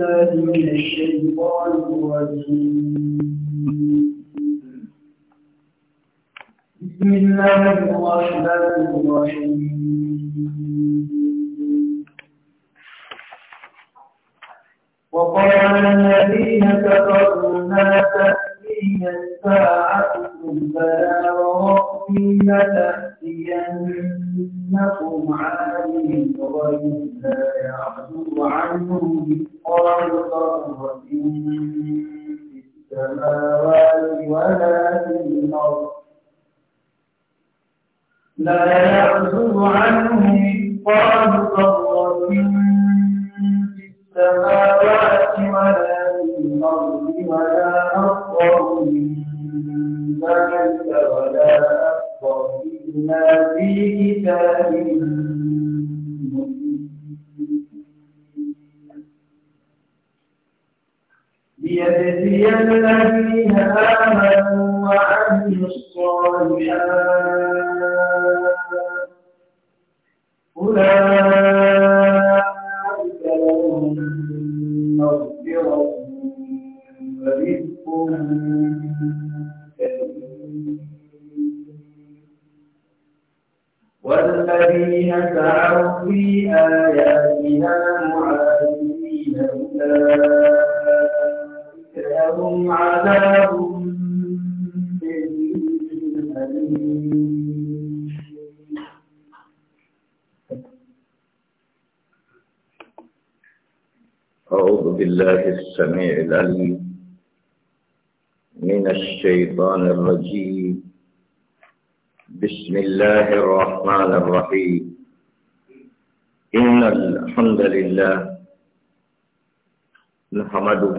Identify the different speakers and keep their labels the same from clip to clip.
Speaker 1: بالله من الشيطان الرجيم بسم الله الرحمن الرحيم وقال الذين كفروا ما تأتين الساعة بلى وربي لتأتينكم عالم الغيب لا يعلم عنه مثقال ذرة في السماوات ولا في الأرض لا يعزب عنه مثقال ذرة في السماوات ولا في الأرض ولا أكبر من ذلك ولا أكبر إلا في كتاب ليجزي الذين آمنوا وعملوا الصالحات أولئك لهم مغفرة ورزق والذين سعوا في آياتنا معاذين أولئك لهم عذاب
Speaker 2: أعوذ بالله السميع العليم من الشيطان الرجيم بسم الله الرحمن الرحيم إن الحمد لله نحمده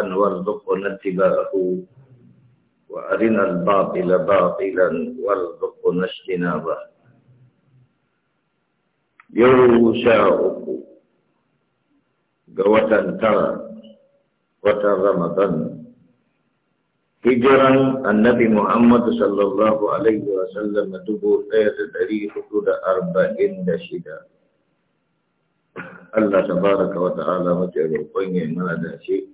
Speaker 2: حقا وارزقنا اتباعه وأرنا الباطل باطلا وارزقنا اجتنابه يوم شاءك قوة ترى وترمضان hijiran annabi Muhammad sallallahu alaihi wasallam dubu ɗaya da ɗari hudu da arba'in da shida. Allah tabaraka wa ta'ala mace roƙon ya mana da shi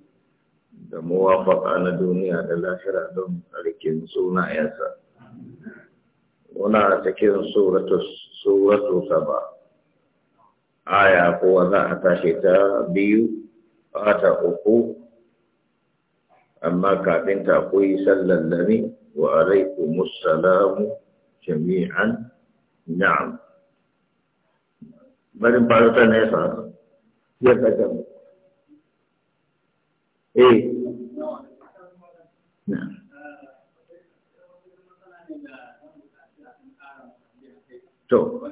Speaker 2: da muwafaka na duniya da lahira don rikin sunayensa. Muna cikin suratu saba, aya kowa za a tashi ta biyu, ta uku, amma kafin ta kuyi sallallami wa alaikumus salamu jami'an na'am. Barin faruta nesa, yadda gama. Eh, To,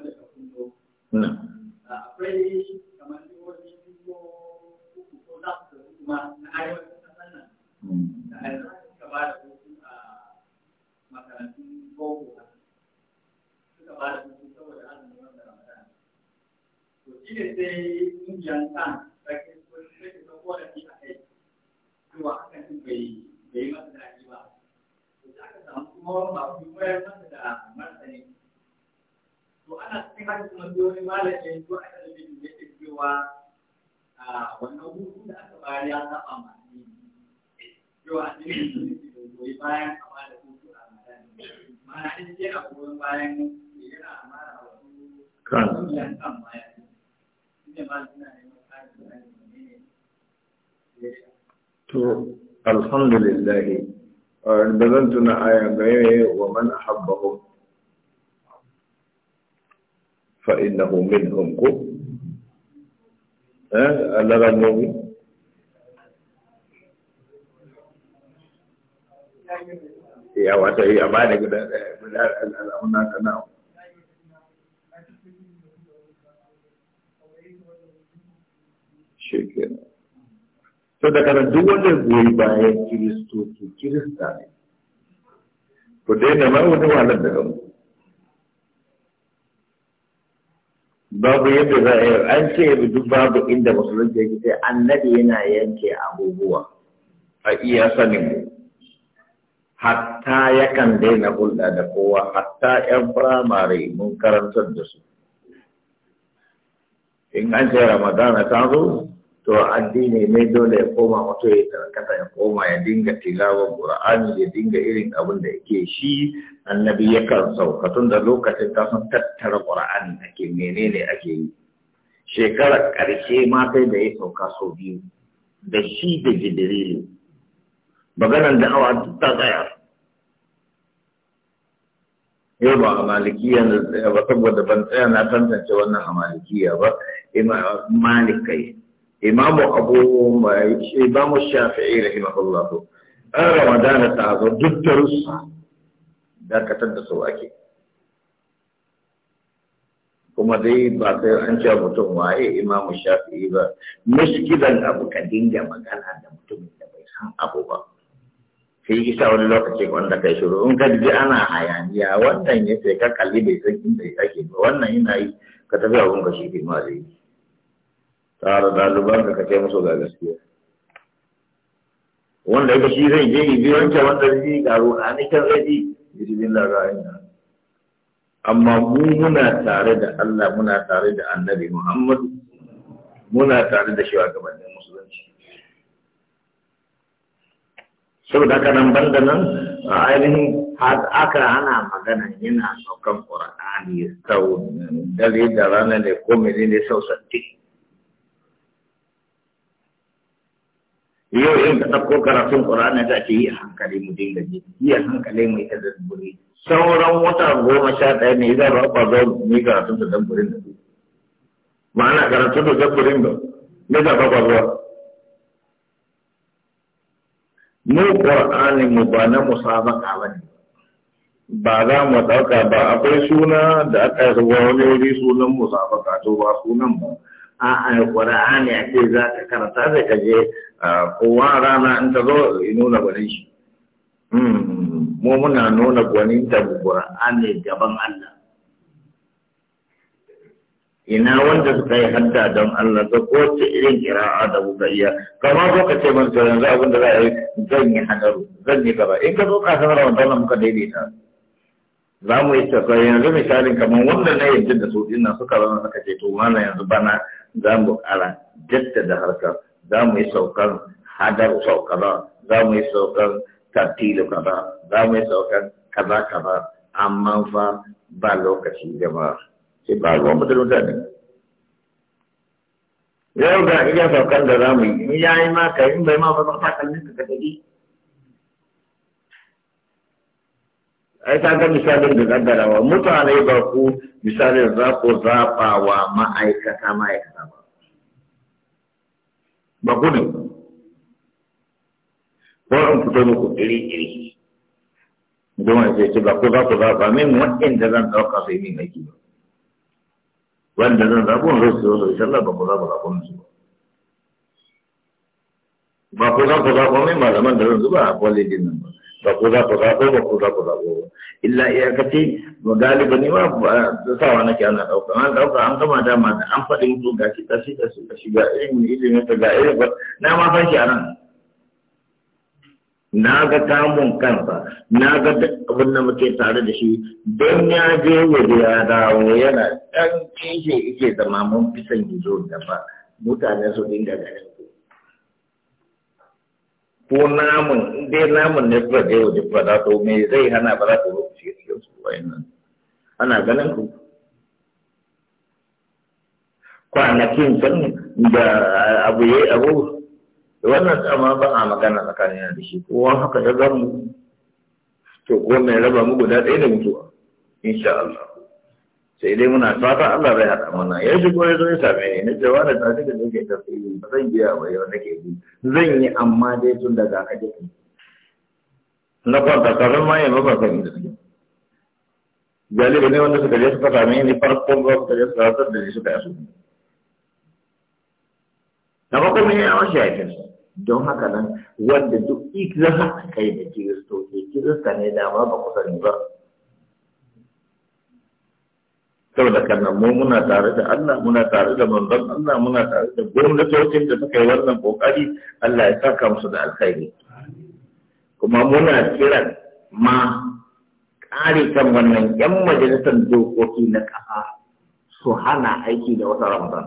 Speaker 2: annabi
Speaker 1: ya wata yi ba da guda
Speaker 2: to da kana duk wanda goyi bayan kiristoci kirista ne wani walar da gamu babu yadda za a yi an ce duk babu inda musulunci yake sai annabi yana yanke abubuwa a iya sanin mu hatta yakan daina hulɗa da kowa hatta yan firamare mun karantar da su in an ce ramadana ta zo to addini ne dole ya koma wato ya karkata ya koma ya dinga tilawar qur'ani ya dinga irin abin da yake shi annabi kan sauka tun da lokacin ta san tattara qur'ani ake menene ake yi shekarar ƙarshe ma sai da ya sauka sau biyu da shi da jibrilu maganan da awa ta tsaya yau ba a malikiya na tsaya ba saboda ban tsaya na tantance wannan a malikiya ba malikai imamu abu imamu shafi'i rahimahullah an ramadana ta zo duk da rusa dakatar da su ake kuma dai ba ta an ce mutum waye imamu shafi'i ba miskidan abu ka dinga magana da mutumin da bai san abu ba sai isa wani lokaci wanda kai shiru in ka ji ana hayaniya wannan ya sai ka kalli bai san inda ake ba wannan yana yi ka tafi abun ka shi ke ma zai tsara ɗaliban ka kace musu ga gaskiya wanda ita shi zai je yi wancan wanda zai yi garo a kan zai yi jirgin larayin amma mu muna tare da Allah muna tare da annabi Muhammadu muna tare da shi a gabanin musulunci saboda haka nan banda nan a ainihin aka ana magana yana saukan ƙura'ani sau dare da rana ne ko ne sau sattin yau in ka ɗauko karatun ƙur'ani za ce yi a hankali mu dinga ji yi a hankali mu ita dabburi sauran wata goma sha ɗaya ne za ba kwa zo mu yi karatun da dabburin da su ma'ana karatun da dabburin ba ne za ba kwa mu ƙur'ani mu ba na musabaka ba ne ba za mu ɗauka ba akwai suna da aka yi wani wuri sunan musabaka to ba sunan ba a'a ƙur'ani a ce za ka karanta da ka je kowa rana in ta zo in nuna gwanin shi hmm, mu muna nuna gwanin ta ne gaban Allah ina wanda suka yi hadda don Allah ko kowace irin kira'a da kuka iya kamar ko ka ce man to yanzu abin da za a yi zan yi hadaru zan yi gaba in ka zo ka san ramadan nan muka daidaita za mu yi tafiya yanzu misalin kamar wanda na yadda da su ina suka zama suka ce to mana yanzu bana za mu ƙara jaddada harkar za mu yi saukan hadar sau kaza za mu yi saukan tartilu kaza za mu yi saukan kaza kaza amma fa ba lokaci jama'a sai ba ruwan mutum mutane yau ga iya saukan da za mu yi in ya yi maka in bai ma ba ba ta kallon ka yi? ai ta ga misalin da gaggarawa mutane ba ku misalin za ku zaɓa wa ma'aikata ma'aikata ba ba ko in fito muku iri iri don wani sai ce ba ko za ku za ba min waɗanda zan ɗauka sai min aiki ba wanda zan zaɓi wani zai zo insha Allah ba ku za ku zaɓi wani su ba ku za ku zaɓi min malaman da zan zuba a kwalejin nan ba ba ku za ku zaɓo ba ku za ku zaɓo ba illa iyakaci galiba ne ba sawa nake ana ɗauka an ɗauka an gama dama da an faɗi mutu ga shi ka shi ta shi ta shi ga irin ilimin ta ga irin ba na ma san shi a nan na ga kamun kansa na ga abin da muke tare da shi don ya je waje ya dawo yana ɗan kishe ike zama mun fi son gizo gaba mutane su dinga ganin ko namun dai namun ne fura da yau da fura da to me zai hana ba za ta zo ku shiga cikin su wayan nan ana ganin ku kwanakin can da abu yi abu wannan tsama ba a magana tsakanin da shi Ko wani haka ya gamu to ko mai raba mu guda ɗaya da mutuwa insha Allah sai dai muna fatan Allah zai haɗa mana ya shigo ya zo ya same ni na ce wani ta shiga da ke tafiye ba zan biya ba yau nake bi zan yi amma dai tun daga aje ki na kwanta kafin ma ya ba san da nake galiba ne wanda suka je suka same ni farkon ba suka je suka rasar da ni suka yasu na farko me ya wasu yakin don haka nan wanda duk ik za a kai da ke kirista ne dama ba kusa ne ba saboda kana mu muna tare da Allah muna tare da manzon Allah muna tare da gwamnatocin da suka yi wannan kokari Allah ya saka musu da alkhairi kuma muna kiran ma kare kan wannan yan majalisar dokoki na ƙasa su hana aiki da wata ramadan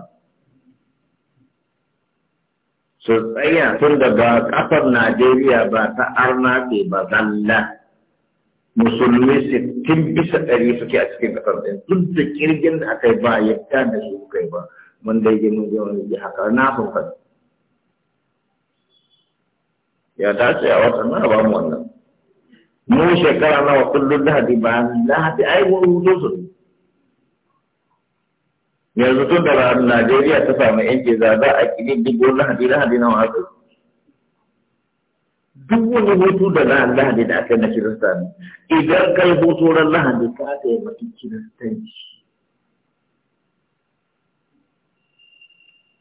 Speaker 2: su tsaya tun daga ƙasar Najeriya ba ta arna ba zalla
Speaker 1: musulmi
Speaker 2: sittin bisa ɗari suke a cikin ƙasar ɗin duk da kirgin da aka yi ba a yadda da su kai ba mun dai gini da wani ji haka na sun kan ya dace a watan na ba mu wannan mu shekara nawa kullum lahadi bayan lahadi ai wani hutu su yanzu tun da Najeriya ta samu yanke zaɓa a kididdigo lahadi lahadi na wasu duk wani hutu da ran lahadi da aka yi na kirista ne idan kai hutu ran lahadi ka aka yi maki kiristanci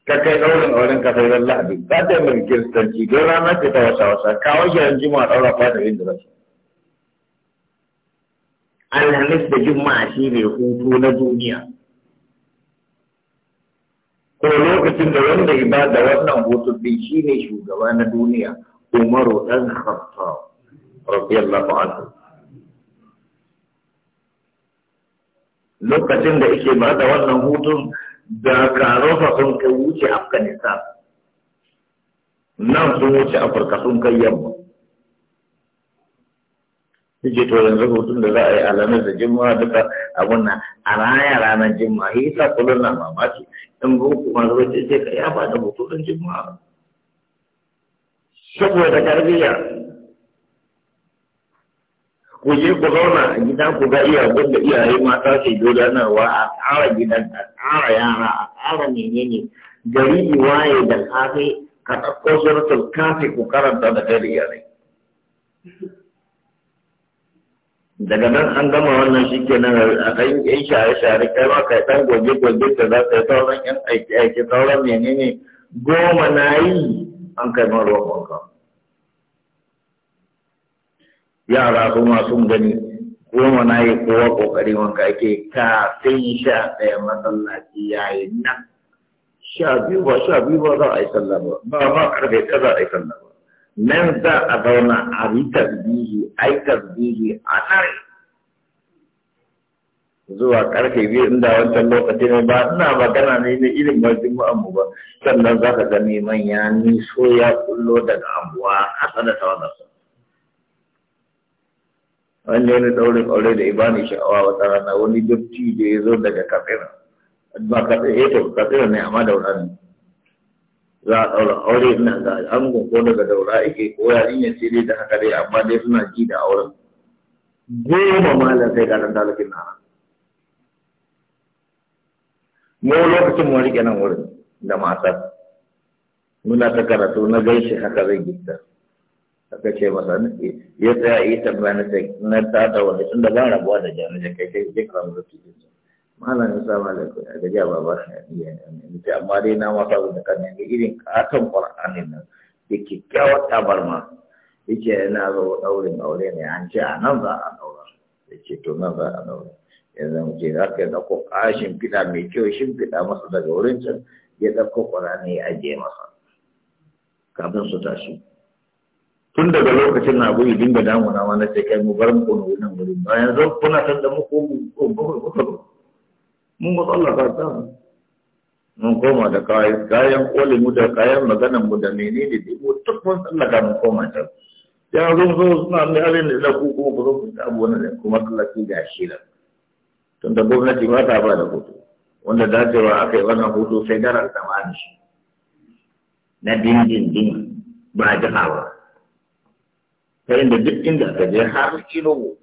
Speaker 2: ka kai ɗaurin auren ka sai ran lahadi ka ta yi maki kiristanci don rana ce ta wasa wasa kawo shi jima a ɗaura fata yin da rasu alhamis da juma'a shi ne hutu na duniya ko lokacin da wanda ibada wannan hutu din shi ne shugaba na duniya Umaru ɗan Khattab radiyallahu anhu lokacin da yake ba da wannan hutun da karofa sun kai wuce Afghanistan nan sun wuce Afirka sun kai yamma Yake to yanzu hutun da za a yi alamis da jimawa duka abun nan a raya ranar jimawa, hisa kulun na mamaki, in boko kuma zuwa ce ka ya ba da hutun jimawa. saboda tarbiyya ku je ku zauna a gidan ku ga iya abin da iyaye mata ke gudanarwa a tsara gidan a tsara yara a tsara menene gari waye da kafe ka ɗauko suratul kafi ku karanta da kai da iyaye daga nan an gama wannan shi ke nan a kan yan share-share kai ma kai ɗan goge-goge da za ka yi sauran yan aiki-aiki sauran menene goma na yi an kai ma ruwan wanka yara su ma sun gani goma na yi kowa kokari wanka ake Ka kafin sha ɗaya masallaci ya yi nan sha biyu ba sha biyu ba za a yi sallah ba ba ba karfe ka za a yi sallah ba nan za a zauna a yi tasbihi a yi tasbihi a tare. zuwa karfe biyu inda wancan lokacin ba ina magana ne na irin wajen mu ba sannan za ka gani manya ni so ya kullo daga abuwa a sana tawagarsa
Speaker 1: wanda wani daurin aure da ibani
Speaker 2: sha'awa wata rana wani dubci da ya zo daga katsina ba katsina ya eh to katsina ne amma daura ne za a daura aure ina ga angon ko daga daura ake ko ya sai dai da haka dai amma dai suna ji da auren goma malam sai ga nan na mu lokacin mu rike nan wurin da matar muna ta karatu na gaishe haka zai gita aka ce masa ya tsaya yi tambaya na ce na ta da wani tun da ban rabuwa da jami'a da kai kai zai kama da tuki malam ya sama da kai da ja baba ya ce amma dai na masa da kan ne irin katon qur'anin nan da kyakkyawar tabarma yace na zo daurin aure ne an ce a nan za a daura yace to nan za a daura yanzu ce za ka ɗauko a shimfiɗa mai kyau shimfiɗa masa daga wurin can ya ɗauko ƙwarane ya ajiye masa kafin su tashi tun daga lokacin na gudu dinga damuna ma na ce kai mu bar mu kono nan wuri bayan zan kuna san da mu ko mun ga Allah ta ta mun koma da kayan kayan kolin mu da kayan maganan mu da menene da mu duk mun tsallaka mun koma ta ya zo zo suna mai halin da ku kuma ku zo ku ta abu wannan kuma Allah da gashi da tunda gwamnati ba ta ba da hutu wanda dacewa a kai wannan hutu sai daren tsamani shi na dindindin ba jiha ba ta inda duk inda ka je har kilo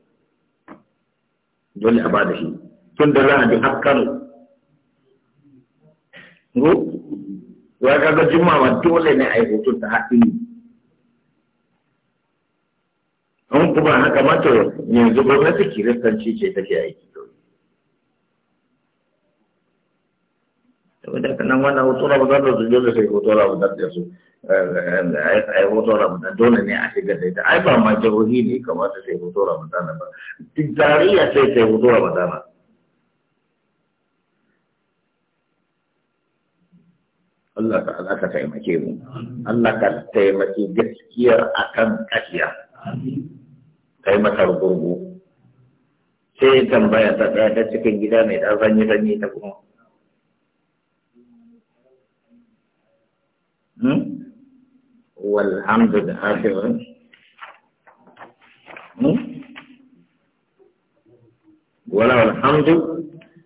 Speaker 2: dole a ba da shi tun da za a ji har kano ya kaga jimawa dole ne a yi hoton ta haɗini an kuma haka mato yanzu gwamnati kiristanci ce take aiki saboda haka nan wannan hoto ramadan da su dole sai hoto ramadan da su ai eh, eh, hoto ramadan dole ne a shiga sai ai ba ma jihohi ne kamata sai hoto ramadan ba duk tarayya sai sai hoto ramadan Allah ka Allah ka taimake mu Allah ka taimake gaskiyar akan kashiya taimakar gurgu sai tambaya ta ɗaya ta cikin gida mai ɗan zanyi zanyi ta kuma والحمد لله wala alhamdu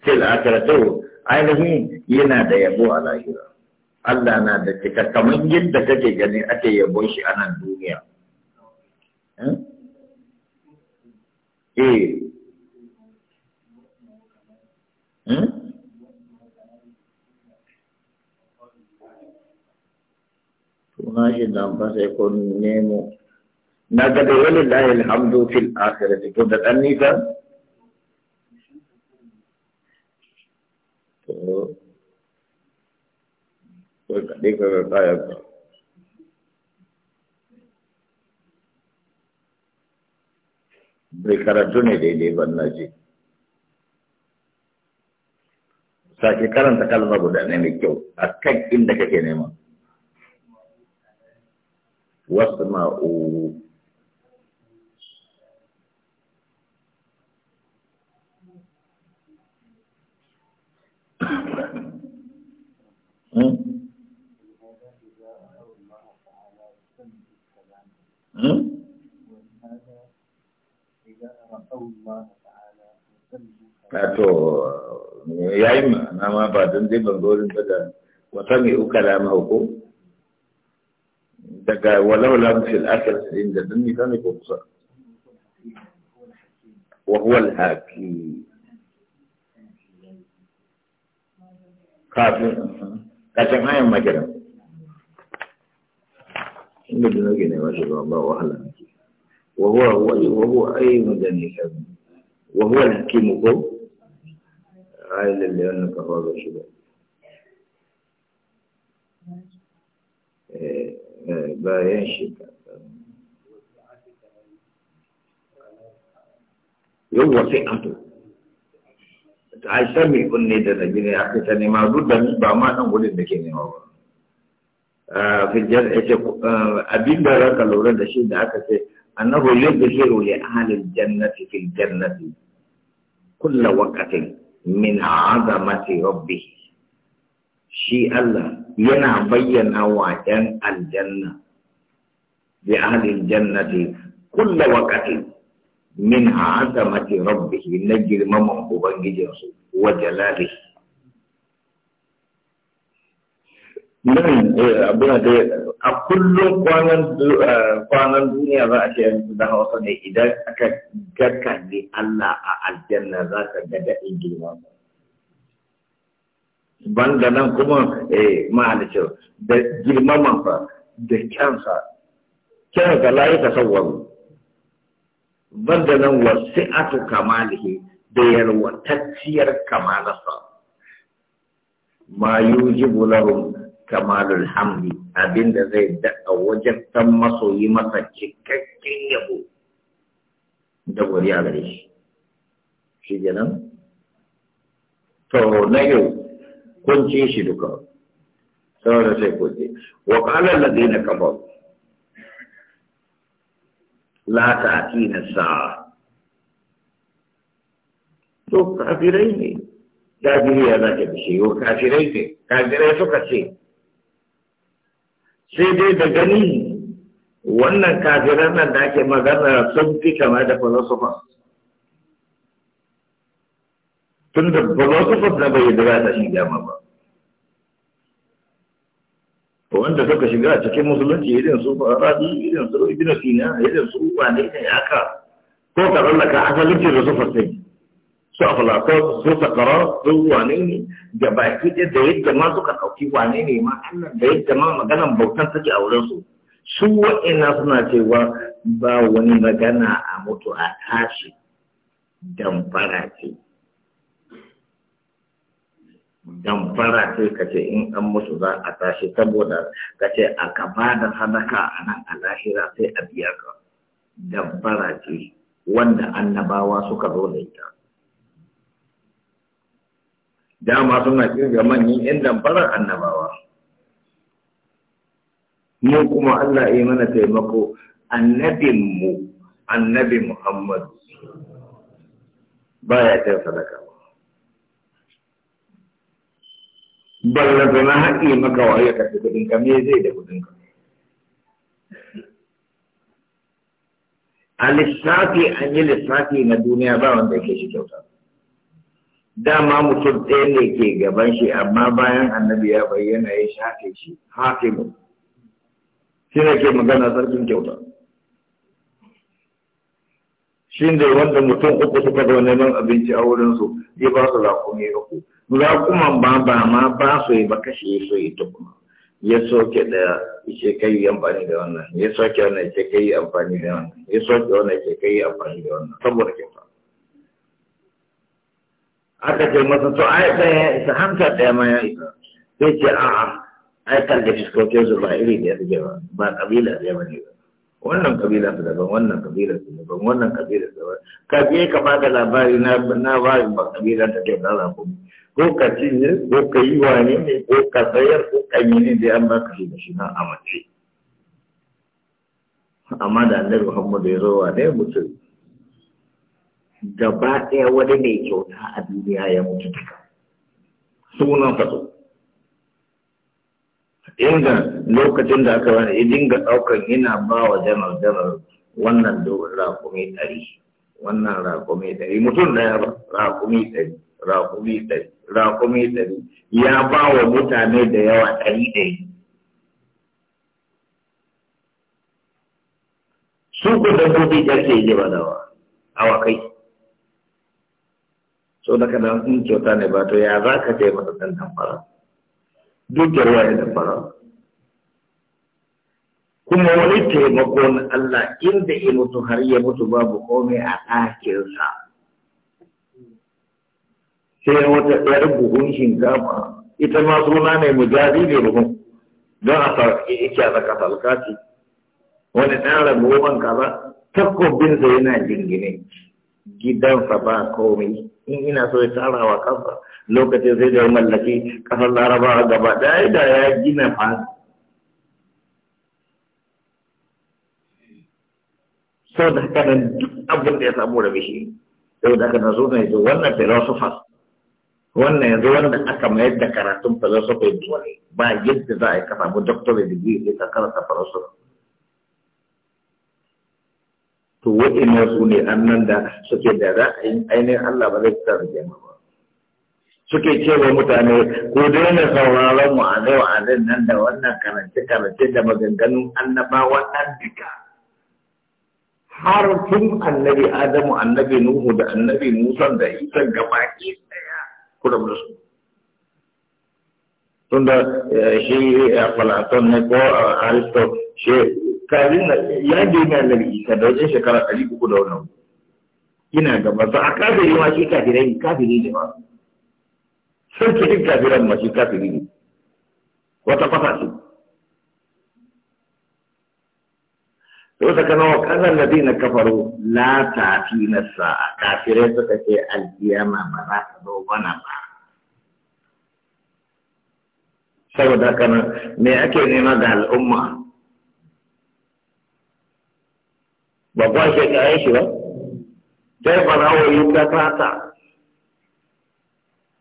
Speaker 2: fil ainihin yana da yabo a lahira Allah na da cika kamar yadda take gani ake yabo shi a nan duniya eh na shi da amfasa ko nemo na ga da wani lahil hamdu fil akhirati to da dan nisa to ko kadai ka ga kaya ba bai karatu ne daidai ban na ce sake karanta kalma guda ne mai kyau a kan inda kake nema. واسمعوا Kato ya yi ma'ana ma ba don zai bangorin ba da wata mai uka da mahauko? دجا ولو لم في الاكل عند ذني كان يقص وهو الحكيم قاتل كما يوم مجرم بدنا الله وحلا وهو اي مدني وهو الحكيم هو bayan shekara yau wasu ato a san mai kunne da nabi ne aka ta nema duk da ba ma nan gudun da ke nema ba fijjar ya ce abin da ranka lura da shi da aka ce annahu yudhiru li ahli jannati fil jannati kulla waqtin min azamati rabbih shi Allah yana bayyana wa ‘yan aljanna bi ahlil jannati kulla waqatin min azamati rabbih na girmaman su wa jalalihi nan eh, abuna da a kullum eh, kwanan duniya za a ce da hausa ne idan aka garka ne Allah a aljanna za ka ga daɗin girmansa banda nan kuma eh mahalicin da girmaman fa da kyansa kyan ga layi ka sauwaru banda nan wasi'atu kamalihi da yalwatacciyar kamalarsa ma yujibu lahum kamalul hamdi abinda zai daɗa wajen tan masoyi masa cikakken yabo da godiya gare shi shi nan? to na yau kunce shi duka saboda sai kunce wa qala alladhina kafaru la ta'tina sa'a to kafirai ne kafiri ya zaka bishi wa kafirai ne kafirai suka ce sai dai da gani wannan kafiran nan da ake magana sun fi kama da philosophers tunda da ba za su fasa bai da za ta shiga ma ba to wanda suka shiga cikin musulunci irin su farabi irin su ibn sina irin su wane ne haka ko ka tsallaka asalin da su fasai su afalako su kara su wane ne da baki ɗaya da yadda ma suka dauki wane ne ma Allah da yadda ma maganan bautan take a wurin su su wa'ina suna cewa ba wani magana a mutu a tashi fara ce damfara ce ka ce in an musu za a tashi saboda ka ce a gaba da sadaka a nan a lahira sai a biya ka fara ce wanda annabawa suka zo da ita dama suna kirga manyan yan damfarar annabawa mu kuma Allah ya mana taimako mu, annabi Muhammad baya ta sadaka ballanta na haƙƙi maka wa ya kashe kuɗin me zai da kuɗin a lissafi an yi lissafi na duniya ba wanda yake shi kyauta dama mutum ɗaya ne ke gaban shi amma bayan annabi ya bayyana ya shafe shi hafi shi ne ke magana sarkin kyauta shi ne wanda mutum uku suka zo neman abinci a wurinsu ya ba su rakumi uku rakuman ba ba ma ba su yi ba kashe su yi tukuna ya soke da ce kai yi amfani da wannan ya soke wannan ce kai yi amfani da wannan ya soke wannan ce kai yi amfani da wannan saboda fa aka ce masa to ai ɗaya ya isa hamsa ɗaya ma ya isa sai ce a'a ai kan da fiskokin su ba iri da ya suke ba ba ƙabila ɗaya ba ne ba wannan kabila su daban wannan kabila su daban wannan kabila su daban ka je ka ba da labari na na ba ba kabila ta ke da labu ko ka ci ne ko ka yi wani ne ko ka sayar ko ka yi ne da an ba ka shiga shi na mace amma da annabi Muhammad ya zo wa ne mutum gaba ɗaya wani mai kyauta a duniya ya mutu duka sunan faso inda lokacin da aka wani dinga daukan yana ba wa janar janar wannan rakumi ɗari wannan rakumi ɗari mutum ɗaya ba rakumi ɗari rakumi ɗari rakumi ɗari ya ba wa mutane da yawa ɗari ɗari su ku dabbobi da ke yi ba da wa, awa kai. so da kada in kyauta ne ba to ya za ka taimaka ɗan fara duk da ruwa da fara kuma wani taimakon Allah inda ya mutu har ya mutu babu komai a ɗakinsa sai wata ɗayar buhun shinkafa ita ma suna ne mu jari ne buhun don a sauƙi ike a tsaka salkati wani ɗan rabuwan kaza takobinsa yana jingine gidansa ba komai in ina so ya tara wa Kasa lokacin sai da mallaki kasar larabawa gaba ɗaya da ya gina fa sau da haka nan duk abin da ya samu da bishi sau da haka na na yanzu wannan philosophers wannan yanzu wanda aka mayar da karatun philosophy duwale ba yadda za a yi ka samu doctorate degree sai ka karanta philosophy to wa'innan su ne annan da suke da ra'ayin ainihin Allah ba zai fitar da ba suke ce cewa mutane ko daina sauraron wa'azai wa'azai nan da wannan karance karance da maganganun annabawa ɗan duka har tun annabi Adamu annabi Nuhu da annabi Musa da Isa gaba ɗaya kuma da su tunda eh, shi eh, Platon ne ko eh, Aristo shi kafin ya girme annabi isa da wajen shekara ɗari uku da wannan ina gaba sa a kafiri ma shi kafirai ne kafiri ne ba sarkitin kafiran ma shi kafiri ne wata fata ce to saka nawa kanan ladina kafaru la tafi na sa'a kafirai suka ce alkiyama ba za ta zo bana ba saboda kana me ake nema ga al'umma ba kwashe kayan shi ba sai farawa yi ta fata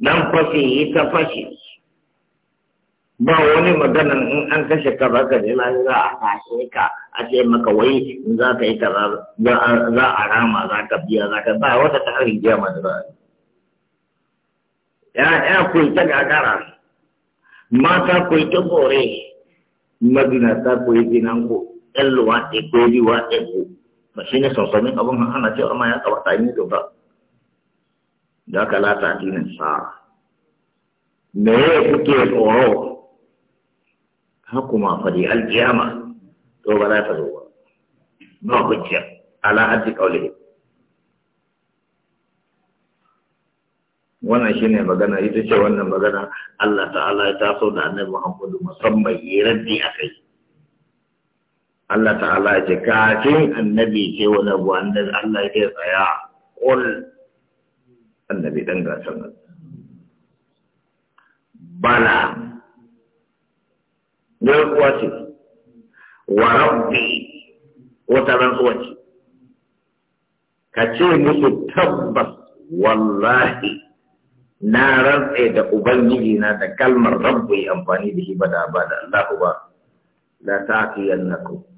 Speaker 2: nan fashe yi ta fashe ba wani magana in an kashe ka ba ka jila za a kashe ka a ce maka wai za ka yi kaza za a rama za ka biya za ka ba wata ta harin biya ma da za ya ya kuyi ta gagara mata kuyi ta bore madina ta kuyi ginan ku luwa luwaɗe ko yi ba shi ne sansanin abin ana cewa ma ya tsawata yi ba da aka lata addinin sa me ya kuke tsoro hakuma fadi aljiyama. to ba za ta zo ba ba hujjar ala haddi kaule wannan shine magana ita ce wannan magana Allah ta'ala ya taso da annabi Muhammadu musamman yi raddi kai. Allah ta'ala ya ce kafin annabi ce wani abu annabi Allah ya tsaya kul annabi dan gasan bala ne kuwa ce wa rabbi wata kuwa ce ka ce musu tabbas wallahi na rantse da ubangiji na da kalmar rabbi amfani da shi ba da ba da Allah ba la taqiyannakum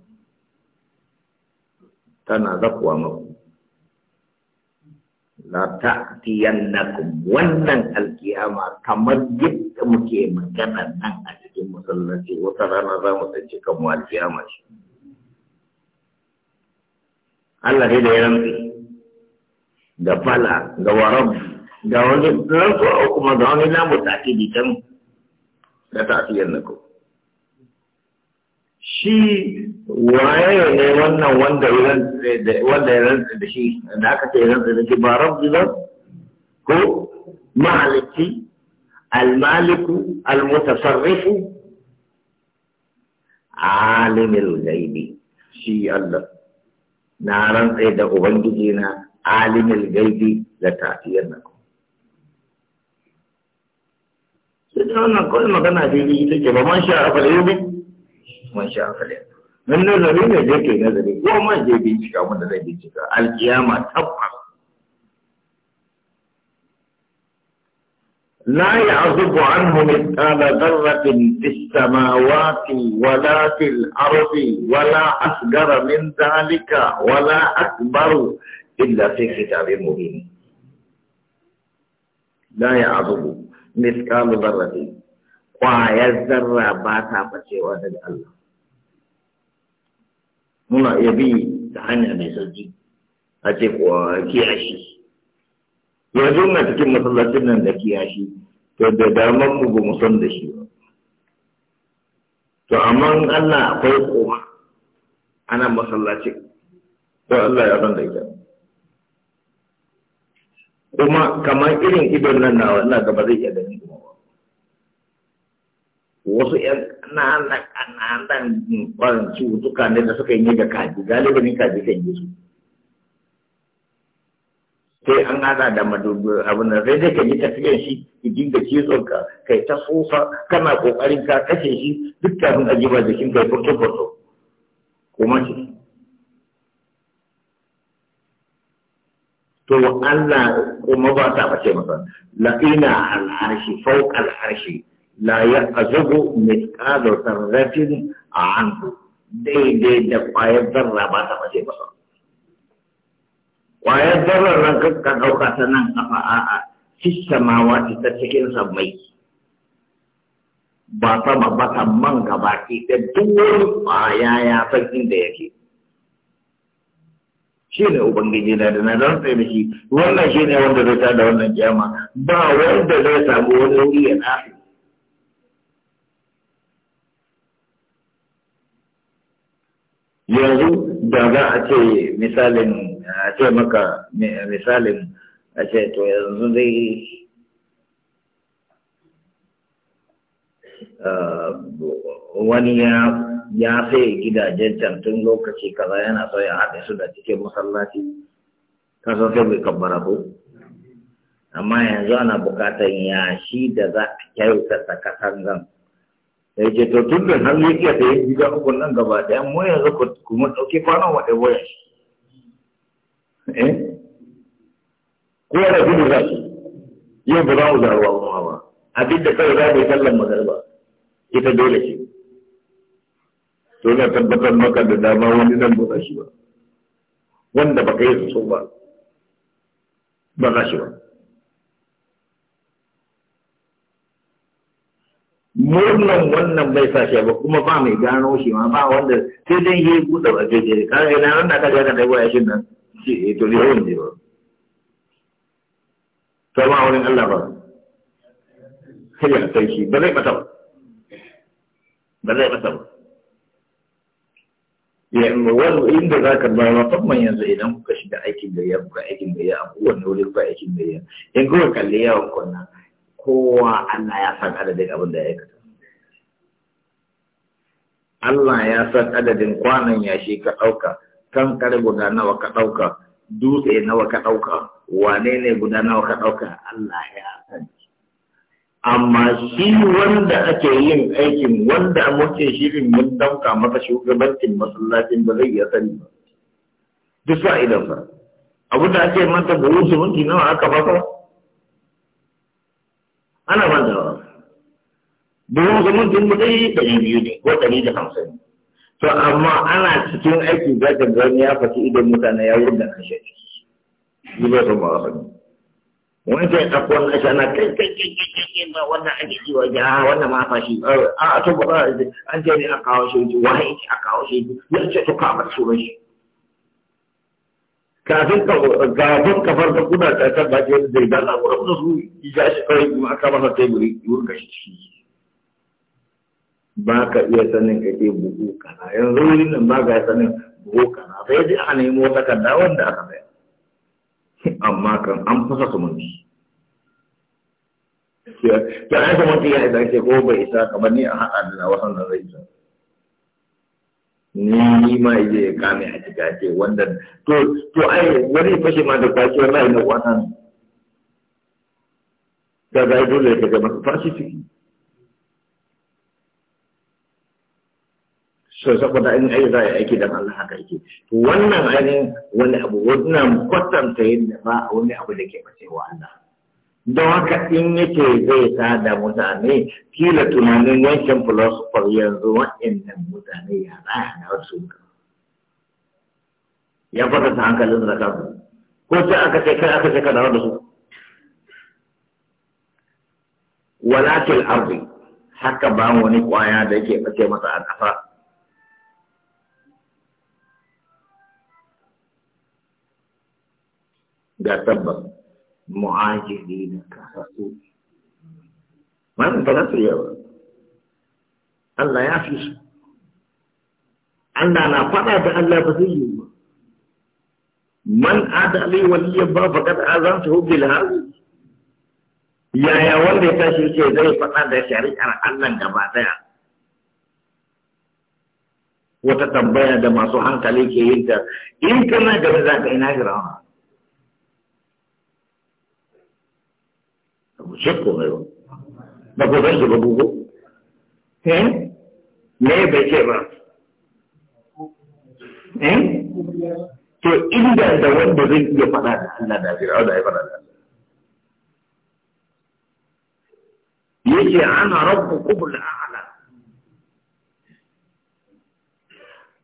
Speaker 2: tana zakuwa maku la ta'tiyannakum wannan alkiyama kamar yadda muke magana nan a cikin musallaci wata rana za mu tsanci kan alkiyama shi Allah dai da ya rantsi da fala da warab da wani rantsuwa kuma da wani namu ta'kidi can la ta'tiyannakum shi waye ne wannan wanda ya rantsa da shi da aka ce rantsa da shi ba rabbi ba ko mahaliki almaliku almutasarrifu alimul gaibi shi Allah na rantsa da ubangiji na alimul gaibi da tafiyar na sai da wannan kawai magana daidai ita ke ba man sha a falayobi mun sha hankalin min nazari ne je ke nazari ko ma je bincika wanda zai bincika alkiyama tabbas la ya'zubu anhu mithqala dharratin fis samawati wala fil ardi wala asgara min dhalika wala akbaru illa fi kitabin mubin la ya'zubu miskalu dharratin qaya zarra ba ta fashewa daga Allah muna iya bi da hanya mai sauki a ce kuwa kiyashi yanzu na cikin masallacin nan da kiyashi to da damar mu ba mu san da shi ba to amma in Allah akwai koma, ana masallacin to Allah ya san da ita kuma kamar irin idon nan nawa ina gaba zai iya ganin wasu ƴan ƙananan ƙananan ƙwarin cututtuka ne da suka yi da kaji galibin kaji kan yi su sai an hada da madubu abu da sai dai ka yi tafiyar shi ki dinga cizon ka kai ta tsofa kana kokarin ka kashe shi duk kafin a jiba jikin kai furto furto kuma ce to Allah kuma ba ta fashe masa la'ina al'arshi arshi al'arshi, arshi la ya azubu mithqalu a hannu daidai da kwayar zarra ba ta fashe ba
Speaker 1: kwayar zarra nan
Speaker 2: ka dauka ta nan kafa a fi samawati ta cikin samai ba sama man gaba ke da duk wani kwaya ya san inda yake shi ne ubangiji na da na rantsa da shi wannan shi ne wanda zai da wannan kiyama ba wanda zai samu wani wuri ya nafi yanzu da za a ce misalin a ce maka misalin a ce to yanzu zai wani ya fi gidajen can lokaci kaza yana so ya haɗe su da cikin masallaci kasan sai bai kabbara ko amma yanzu ana buƙatar yashi da za a kyautata katangan ya eh, ce to tun da har ya iya sayan gida uku nan gaba daya mu yanzu ku mu ɗauki eh ko yana gudu ba za mu zaruwa kuma ba da za mu yi magarba ita dole ce to na tabbatar maka da dama wani nan ba za shi ba wanda ba ka so ba ba murnan wannan bai sa ba kuma ba mai gano shi ma ba wanda sai dai yi buɗe ba ke jere kare ina ran da ka ga da waya shi nan shi eh, to ne yawan ne ba to ma wani Allah ba sai ya kai shi ba zai bata ba ba zai bata ba ya wani inda za ka ba musamman yanzu idan kuka shiga aikin da ya kuka aikin da ya kowanne wuri kuka aikin da ya in kuka kalli yawan kwanan kowa Allah ya san adadin abin da ya aikata Allah ya san adadin kwanan yashi ka ɗauka kan kare guda nawa ka ɗauka dutse nawa ka ɗauka wane ne guda nawa ka ɗauka Allah ya san. amma shi wanda ake yin aikin wanda muke shirin mun ɗauka masa shugabancin masallacin ba zai iya sani ba duk sa idan ba abu da ake mata buhu zumunci nawa aka baka ana ba. domin zumuncin mu ɗari da biyu ne ko ɗari da hamsin to amma ana cikin aiki za ka ga wani ya faci idan mutane ya wurin da kan shi ni ba san ba wasanni. wancan ya ɗauko na ashe kai
Speaker 1: kai kai kai kai ba wannan ake ji wa ja wannan ma fashi a to
Speaker 2: ba an ce ne a kawo shi wani a kawo shi ya ce to kamar sunan shi kafin ka kafin ka farka kuna ta tabbace da idan na wurin su ya shi kawai kuma aka masa teburi wurin kashi ba ka iya sanin ka ke buhu kana yanzu wani nan ba ka sanin buhu kana sai dai a nemo takarda wanda aka sayar amma kan an fasa sumunci to ai sumunci ya isa ke ko bai isa kamar ni a haɗa da wasan da zai isa ni ni ma ije ya kame a cika ce wanda to to ai wani fashe ma da kwaci wani na kwanan da zai dole ya ga masu fashe ciki so saboda in ai za a aiki dan Allah haka yake to wannan ainihin wani abu wannan kwatanta yadda ba wani abu da ke wa Allah don haka in yake zai da mutane kila tunanin wancan philosopher yanzu
Speaker 1: wa'annan mutane ya tsaya na wasu
Speaker 2: ya fata ta hankalin da kansu ko sai aka ce kai aka ce ka dawo da su walakin ardi haka ba wani kwaya da yake bace masa a kafa ga tabbas mu'ajiri na kasasu wannan ba za su ba Allah ya fi su Allah na faɗa da Allah ba zai yi ba man adali waliyan ba faƙar azanta hubbil hazi yaya wanda ya tashi ce zai faɗa da shari'ar Allah gaba ɗaya wata tambaya da masu hankali ke yin ta in kana gaba za ka ina jirawa shakku mai ba ba ku san shi ba eh? ba eh to inda da wanda zai iya faɗa da da Fir'aun da ya faɗa da Allah yake ana rabbukum al'ala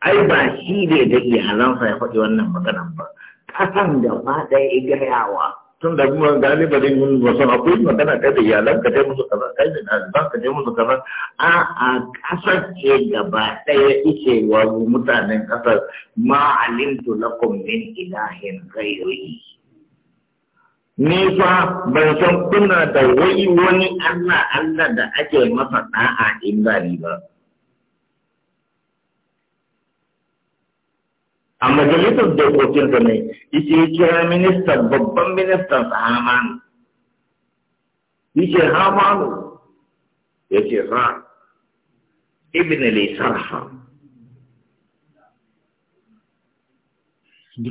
Speaker 2: ai ba shi ne da iyalansa ya faɗi wannan maganan ba kasan da ba gayawa tun da kuma galiba da yin wasan akwai magana ta da iyalan ka dai musu kaza kai da ɗaliban ka dai musu kaza a a kasar ce gaba ɗaya ice wa mutanen kasar ma alimtu lakum min ilahin ghayri ni fa ban san kuna da wai wani Allah Allah da ake masa da'a in ba ni ba a majalisar dokokin da ne yace ya kira ministan babban ministan sa Haman yace Haman yace ra ibn Lisarha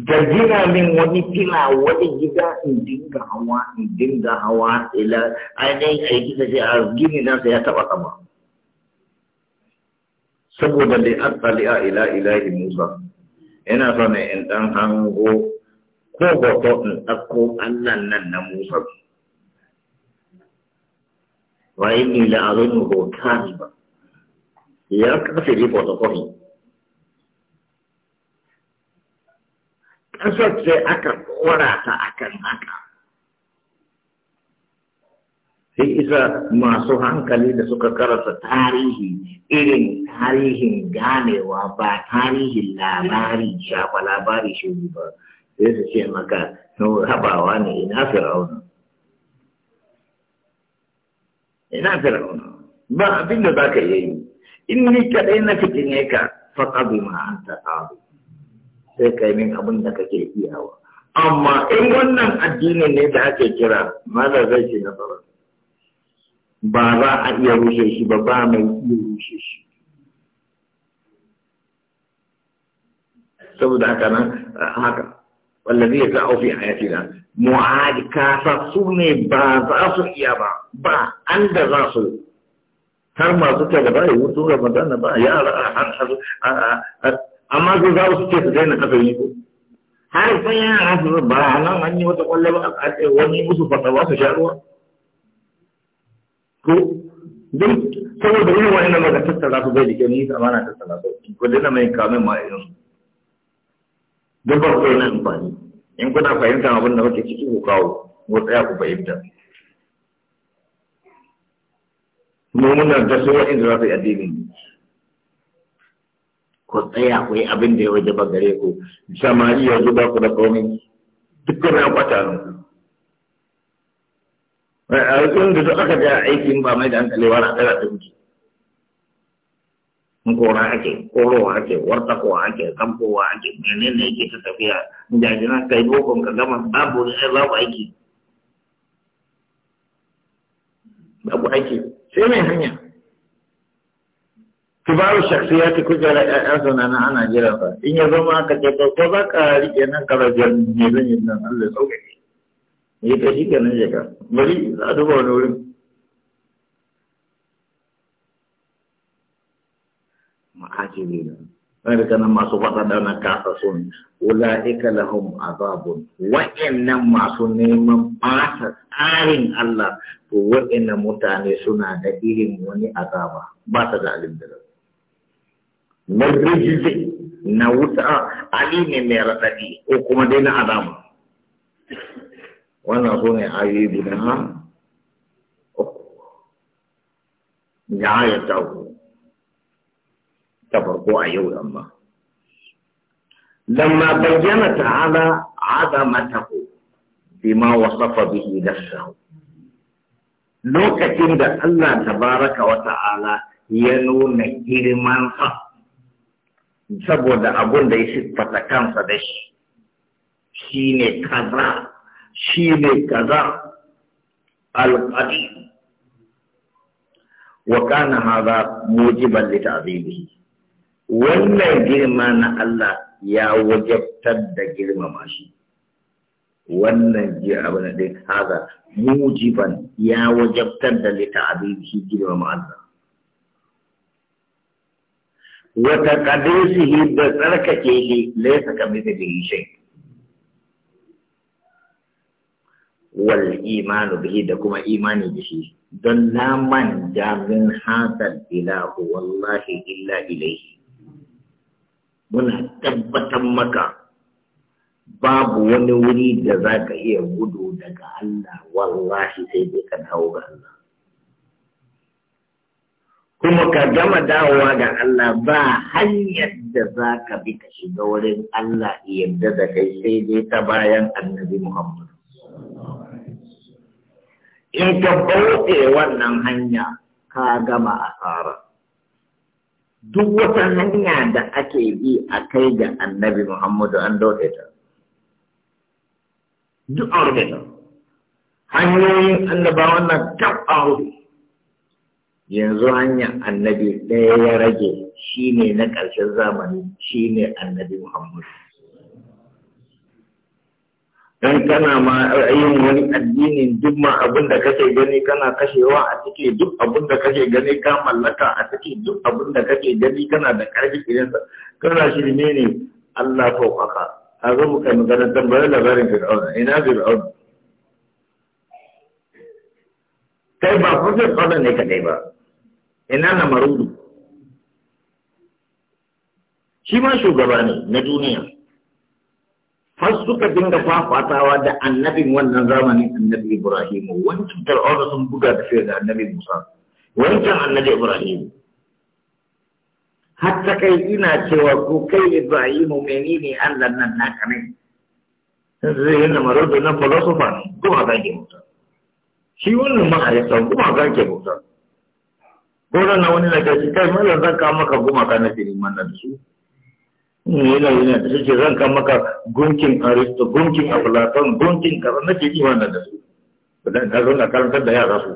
Speaker 1: ka gina min
Speaker 2: wani fila wani gida in dinga hawa in dinga hawa ila ainihin aiki ta ce a gini nasa ya taba sama saboda li'atta li'a ila ilahi musa ina so ne in dan hango ko hoto in ɗauko Allah nan na Musa wa inni la azunhu ba? ya kafiri fotokofi kasar sai aka kora ta akan haka sai isa masu hankali da suka karasa tarihi irin tarihin ganewa ba tarihin labari shafa labari shi ba sai su ce maka sun habawa ne ina fir'auna ina fir'auna ba abin da za ka yi in ni kaɗai na ne ka faɗa bi ma an ta ƙaru sai ka yi min abin da kake iyawa amma in wannan addinin ne da ake kira maza zai ce na faru ba za a iya rushe shi ba ba mai iya rushe shi saboda haka nan haka wallazi ya za'u fi ayatina mu'adi kafa su ne ba za su iya ba ba an da za su
Speaker 1: har masu ta gaba ya
Speaker 2: wuto ramadana ba yara har amma su za su ce su daina kafa yi ko har sai yara su ba nan an yi wata kwallo ba a wani musu fata ba su sha ruwa ko duk saboda irin wani na maka tattara su bai da kyau ni ta amana tattara su ko dina mai kamin ma irin duk ba ku yana amfani in kuna fahimta abin da kuke ciki ku kawo ko tsaya ku fahimta mu muna da su wa'inda za su yi addinin ku tsaya ku yi abin da ya waje ba gare ku samari yanzu ba ku da komai dukkan ya kwata ku a eh, rikin eh, da duk aka ja aikin ba mai da hankali wani a tsara ɗauki kora ake korowa ake wartakowa ake kamfowa ake menene yake ta tafiya jajina kai bokon ka gama babu ne babu aiki babu aiki sai mai hanya ya shakhsiyati kuka ya ƴaƴan sunana ana jiran sa in ya zama aka ce ko za ka rike nan ka rajar ne zan yi nan Allah sauƙaƙe ne ka shi kenan ya ka bari za a duba wani wurin ne. na wani kanan masu faɗa da na kasa sun ula'ika lahum azabun wa'annan masu neman fasa tsarin Allah to wa'annan mutane suna da irin wani azaba ba ta da alim da na wuta ali ne mai raɗaɗi ko kuma dai na azaba wannan su ne ayoyi guda uku da ayar ta uku ta farko a yau amma lamma bayyana ta'ala azamatahu bima wasafa bihi nafsahu lokacin da Allah Ta baraka wa ta'ala ya nuna girmansa saboda abun da ya siffata kansa da shi shi ne kaza shi ne kaza alƙadi wa kana haza mujiban li ta'zibihi wannan girma na Allah ya wajabtar da girmama shi wannan ji abin da haza mujiban ya wajabtar da li ta'zibihi girmama Allah wa taqaddisihi da tsarkake shi laysa kamithlihi shay' wal imanu bihi da kuma imani da shi don na man min hasal ilahu wallahi illa ilaihi muna tabbatar maka babu wani wuri da za ka iya gudu daga Allah wallahi sai dai ka dawo ga Allah kuma ka gama dawowa ga Allah ba hanyar da za ka bi ka shiga wurin Allah yarda da kai sai dai ta bayan annabi Muhammad in ka bauɗe wannan hanya ka gama a asara duk wata hanya da ake bi a kai ga annabi muhammadu an daure ta duk a rufe ta hanyoyin annabawan nan kaf a yanzu hanyar annabi ɗaya ya rage shi na ƙarshen zamani shine annabi muhammadu in kana ma yin wani addinin duk ma abin da kake gani kana kashewa a cikin duk abin da kake gani ka mallaka a cikin duk abin da kake gani kana da karfi idan kana shirme ne Allah ko kaka a zo muka magana tambayar labarin fir'auna ina fir'auna kai ba fa fir'auna ne kadai ba ina na marudu shi ma shugaba ne na duniya har suka dinga fafatawa da annabin wannan zamanin annabi Ibrahim wancan fir'auna sun buga da shi da annabi Musa
Speaker 1: wancan annabi Ibrahim
Speaker 2: hatta kai ina cewa ko kai Ibrahim menene Allah nan na ne sai yana marodo na falsafa ko kuma ga ke mutu shi wannan ma a yasa kuma ga ke mutu ko na wani da kai kai mallan zan maka gumaka na filin man da su yana yana da suke zan kan maka gunkin aristo gunkin aflaton gunkin kaza na ke yi wannan da su dan ka zauna karantar da yara su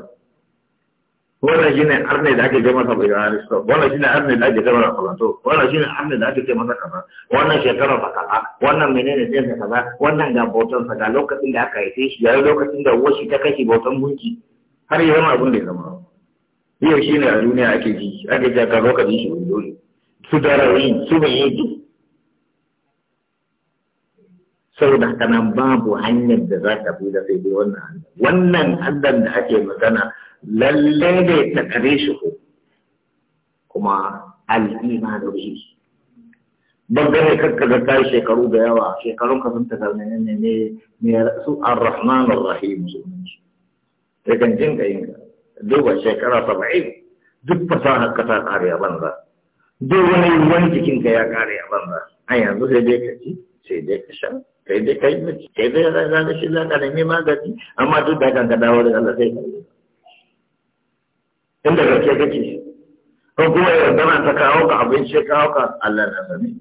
Speaker 2: wannan shine arne da ake gama sabai aristo wannan shine arne da ake gama aflato wannan shine arne da ake gama kaza wannan shekara ta kaza wannan menene sai ta kaza wannan ga bautan sa ga lokacin da aka haife shi ga lokacin da wasu ta kashi bautan gunki har yi zama abin da ya zama yau shine a duniya ake ji ake ji ka zo ka ji shi wani dole su darawi su bai yi duk saboda haka nan babu hanyar da za ka bi da sai dai wannan hanyar wannan hanyar da ake magana lalle ne ta kare shi ko kuma al'ima da bihi bangare kakka ga kai shekaru da yawa shekarun ka sun ta karne ne ne ne su ar-rahman ar-rahim sunan shi da ganjin kayin duba shekara 70 duk fasahar ka ta kare a banza duk wani ruwan jikinka ya kare a banza a yanzu sai dai ka ci sai dai ka sha kai dai kai mace kai dai ranar shi za ka nemi magani amma duk da kanka dawo da Allah sai inda ka kake kake ko kuma ya yaudara ta kawo ka abinci ya kawo ka Allah na sani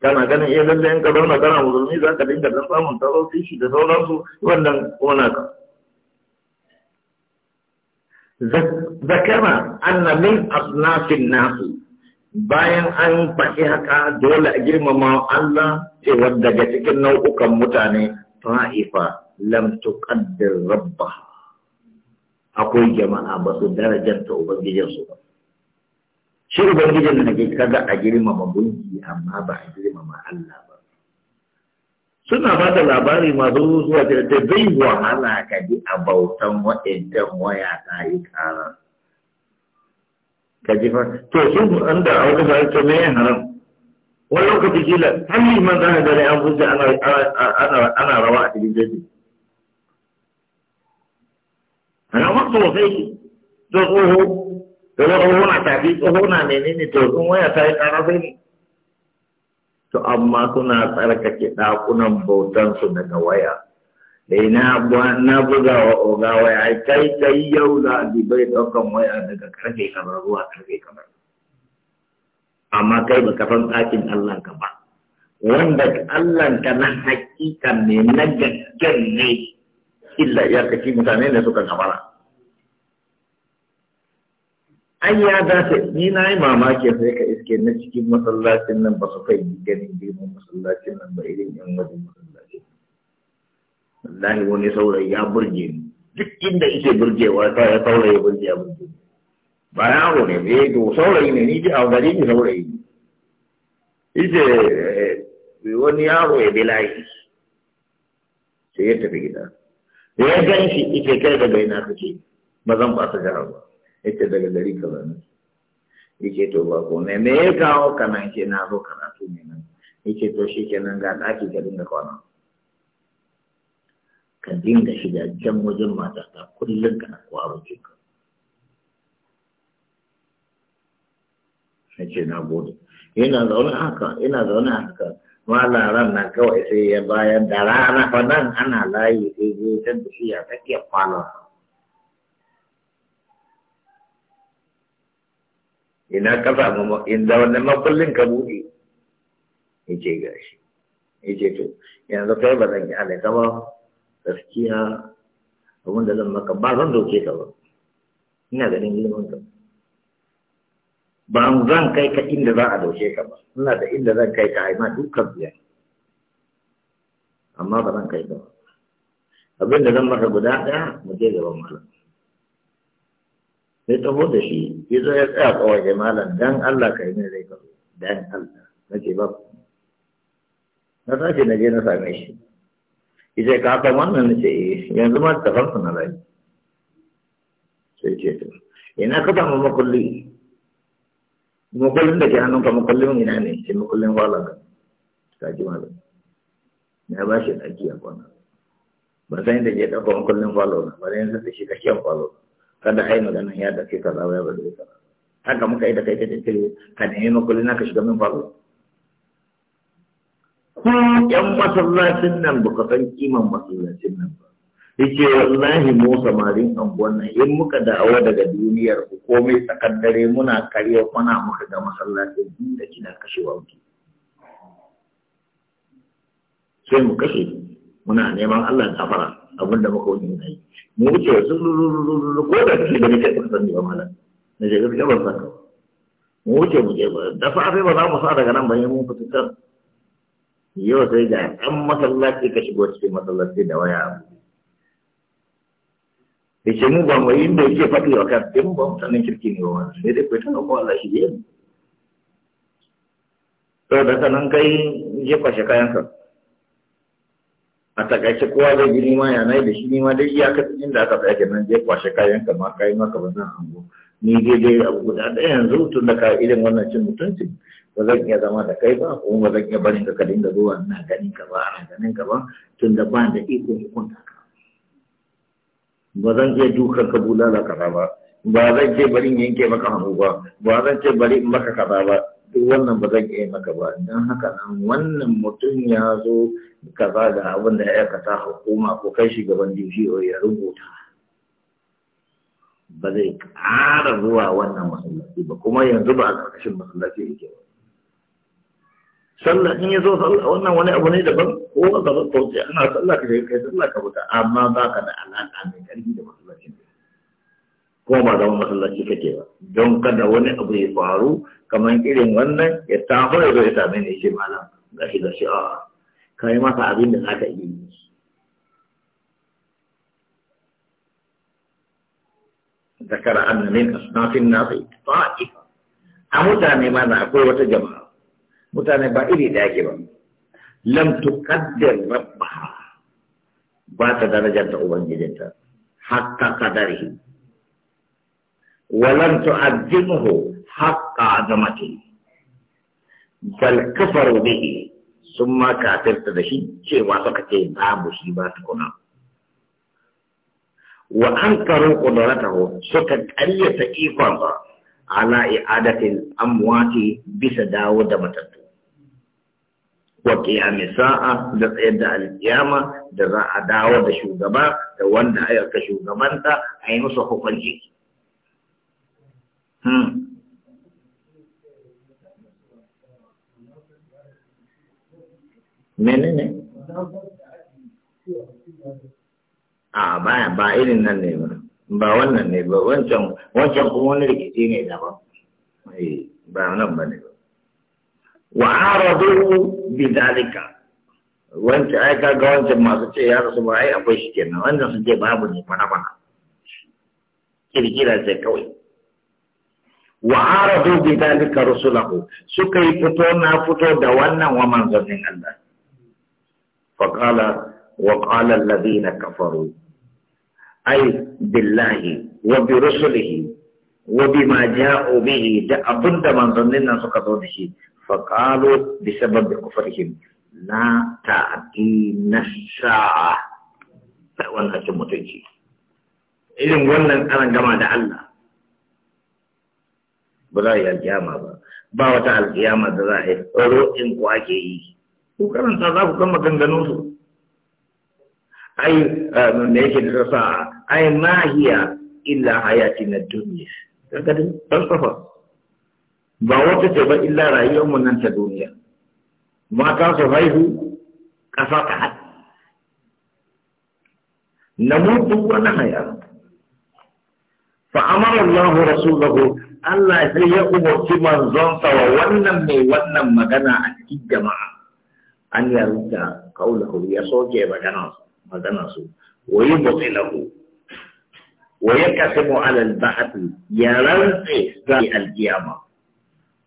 Speaker 2: kana ganin iya eh, lallai in ka zauna kana musulmi za ka dinga da samun tarofi shi da sauransu wannan kona ka ذكر أن من أصناف الناس bayan an faɗi haka dole a girmama Allah cewa daga cikin nau'ukan mutane ta'ifa lam tuqaddir Rabba. akwai jama'a ba su darajanta ubangijinsu ba shi ubangijin da ke kada a girmama gungi amma ba a girmama Allah ba suna ba da labari masu zuwa da zai wahala ka ji a bautan waɗancan waya ta yi ƙara ka ji fa to su an da auka ba to me haram wani lokaci kila har liman za ka gani an fusa ana rawa a cikin jeji ana wasu sosai to tsoho da tsoho na tafi tsoho na menene to sun waya ta yi ƙara ne to amma suna tsarkake ɗakunan bautansu daga waya dai eh, na buga wa oga waya ai kai kai yau za a bai daukan waya daga karfe kamar zuwa karfe kamar amma kai ba kafan ɗakin Allah ka ba wanda Allah ka na hakika ne na gakken ne illa ya kaci mutane da suka kamara. an ya dace ni na yi mamaki sai ka iske na cikin masallacin nan ba su kai ganin girman masallacin nan ba irin yan wajen masallacin wallahi wani saurayi ya burge ni duk inda yake burgewa ta ya saurayi burge ya burge ba yaro ne eh to saurayi ne ni ji a gari ni saurayi ite eh, wani yaro ya bi layi sai ya tafi gida ya gan shi ike kai daga ina kake ba zan ba ta jihar ba daga gari kaza ne yake to ba ko ne me ya kawo kana ke na zo karatu ne nan yake to shi kenan ga ɗaki ka dinga kwana ka dinga shiga can wajen matata kullum kana kwaro abincinka na ce na gode ina zaune haka ina zaune haka Ma laran na kawai sai ya bayan da rana fa nan ana layi sai zai ta da shi a tsakiyar falon ina ka samu inda wannan makullin ka buɗe ya ce gashi ya ce to yanzu kai ba zan yi alaƙa ba gaskiya abin da zan maka ba zan doke ka ba ina ganin girman ka ba zan kai ka inda za a doke ka ba ina da inda zan kai ka haima dukkan biyar amma ba zan kai ka ba abin da zan maka guda ɗaya mu je gaban malam sai taho da shi ya zo ya tsaya kawai malam dan Allah ka yi min zai karo dan Allah na ce ba na tashi na je na same shi ita ka san wannan na ce eh, yanzu ma ta farko na sai ce ina ka samu makulli makullin da ke hannunka makullin ina ne ce makullin wala ka ji malam na ba shi ɗaki kwana ban san yadda ke ɗauka makullin falo na ba da yanzu da shi kashiyan falo kada ai maganan ya da ke kaza ya ba zai kaza haka muka yi da kai ta tattare ka nemi makullin na ka shiga min falo ku yan masallacin nan ba ka san kiman masallacin nan ba yace wallahi mu samarin anguwan nan in muka da'awa daga duniyar ku komai tsakar dare muna karya kwana muka ga masallacin da kina kashewa muke sai mu kashe muna neman Allah ya fara abin da muka wani yi mu wuce
Speaker 1: su ko da kake da
Speaker 2: nake ta sani ba malam na je gaskiya ban ka mu wuce mu je ba da fa sai ba za mu sa daga nan ba mun fitar yau sai ga ɗan masallaci ka shigo cikin masallaci da waya abu da ke mu ba mu yi da yake faɗi wa kan ɗin mu ba mutanen kirki ne wa sai dai kwaita na kowa lashi da to da sanan kai ya kwashe ka a takaice kowa zai gini ma ya nai da shi nima dai iyakar da aka tsaya nan je kwashe ka ma kayan ka ba zan hango ni dai dai abu guda ɗaya yanzu tun da ka irin wannan cin mutunci ba zan iya zama da kai ba ko ba zan iya barin ka kadinda da zuwa ina ganin ka ba ana ganin ka ba tun da ba da iko hukunta ka ba zan iya dukan ka bulala kaza ba ba zan ce barin yanke maka hannu ba ba zan ce bari in maka kaza ba duk wannan ba zan iya maka ba dan haka nan wannan mutum ya zo kaza da abin da ya aikata hukuma ko kai shi shugaban o ya rubuta ba zai ƙara zuwa wannan masallaci ba kuma yanzu ba a ƙarƙashin masallaci yake ba sallah in ya zo wannan wani abu ne daban ko wanda ba ko sai ana sallah ka je kai sallah ka buta amma ba ka da alaka mai karfi da masallacin ko ba zama masallaci kake ba don kada wani abu ya faru kamar irin wannan ya taho ya zo ya same ni shi malam gashi gashi a kai masa abin da zaka iya yi ذكر أن من أصناف الناس طائفة أمتى ما أقول jama'a. mutane ba iri da yake ba lam tuqaddir rabbaha ba ta darajar ta ubangijinta hatta qadarihi wa lam tu'azzimuhu haqqa azamatihi bal kafaru bihi sun ma kafinta da shi cewa suka ce babu shi ba tukuna wa an karo kudaratahu suka ƙaryata ikon ba ala i'adatin amwati bisa dawo da matattu wa qiyam sa'a da tsayar da alkiyama da za a dawo da shugaba da wanda aka shugabanta a yi musu hukunci hmm. menene a ah, baya ba irin nan ne ba ba wannan ne ba wancan wancan kuma wani rikici ne daban eh, ba nan ba ne ba wa aradu bi dalika wanda ai kaga wancan masu ce ya rasu ba ai akwai shi kenan wanda su ce babu ne fara fara kirkira sai kawai wa aradu bi dalika rusulahu suka yi fito na fito da wannan wa manzannin Allah qala wa qala alladhina kafaru ai billahi wa bi rusulihi wa bima ja'u bihi da abinda manzannin nan suka zo da shi fa qalu bi sababi kufrihim la ta'tina sa'a wannan cin mutunci irin wannan karan gama da Allah ba za a yi aljiyama ba ba wata aljiyama da za a yi tsoro in ku ake yi ku karanta za ku gama ganganun su ai me yake da sa ai ma hiya illa ad dunya kaga din falsafa ba wata ce ba illa rayuwar mu nan ta duniya mata su haihu ƙasa ta hada. na mutu wani haya amara Allah rasulahu Allah sai ya umarci sa wa wannan mai wannan magana a cikin jama'a an ya rubuta kaulahu ya soke magana su wa yi ويكتب على البعث يرنقي في القيامة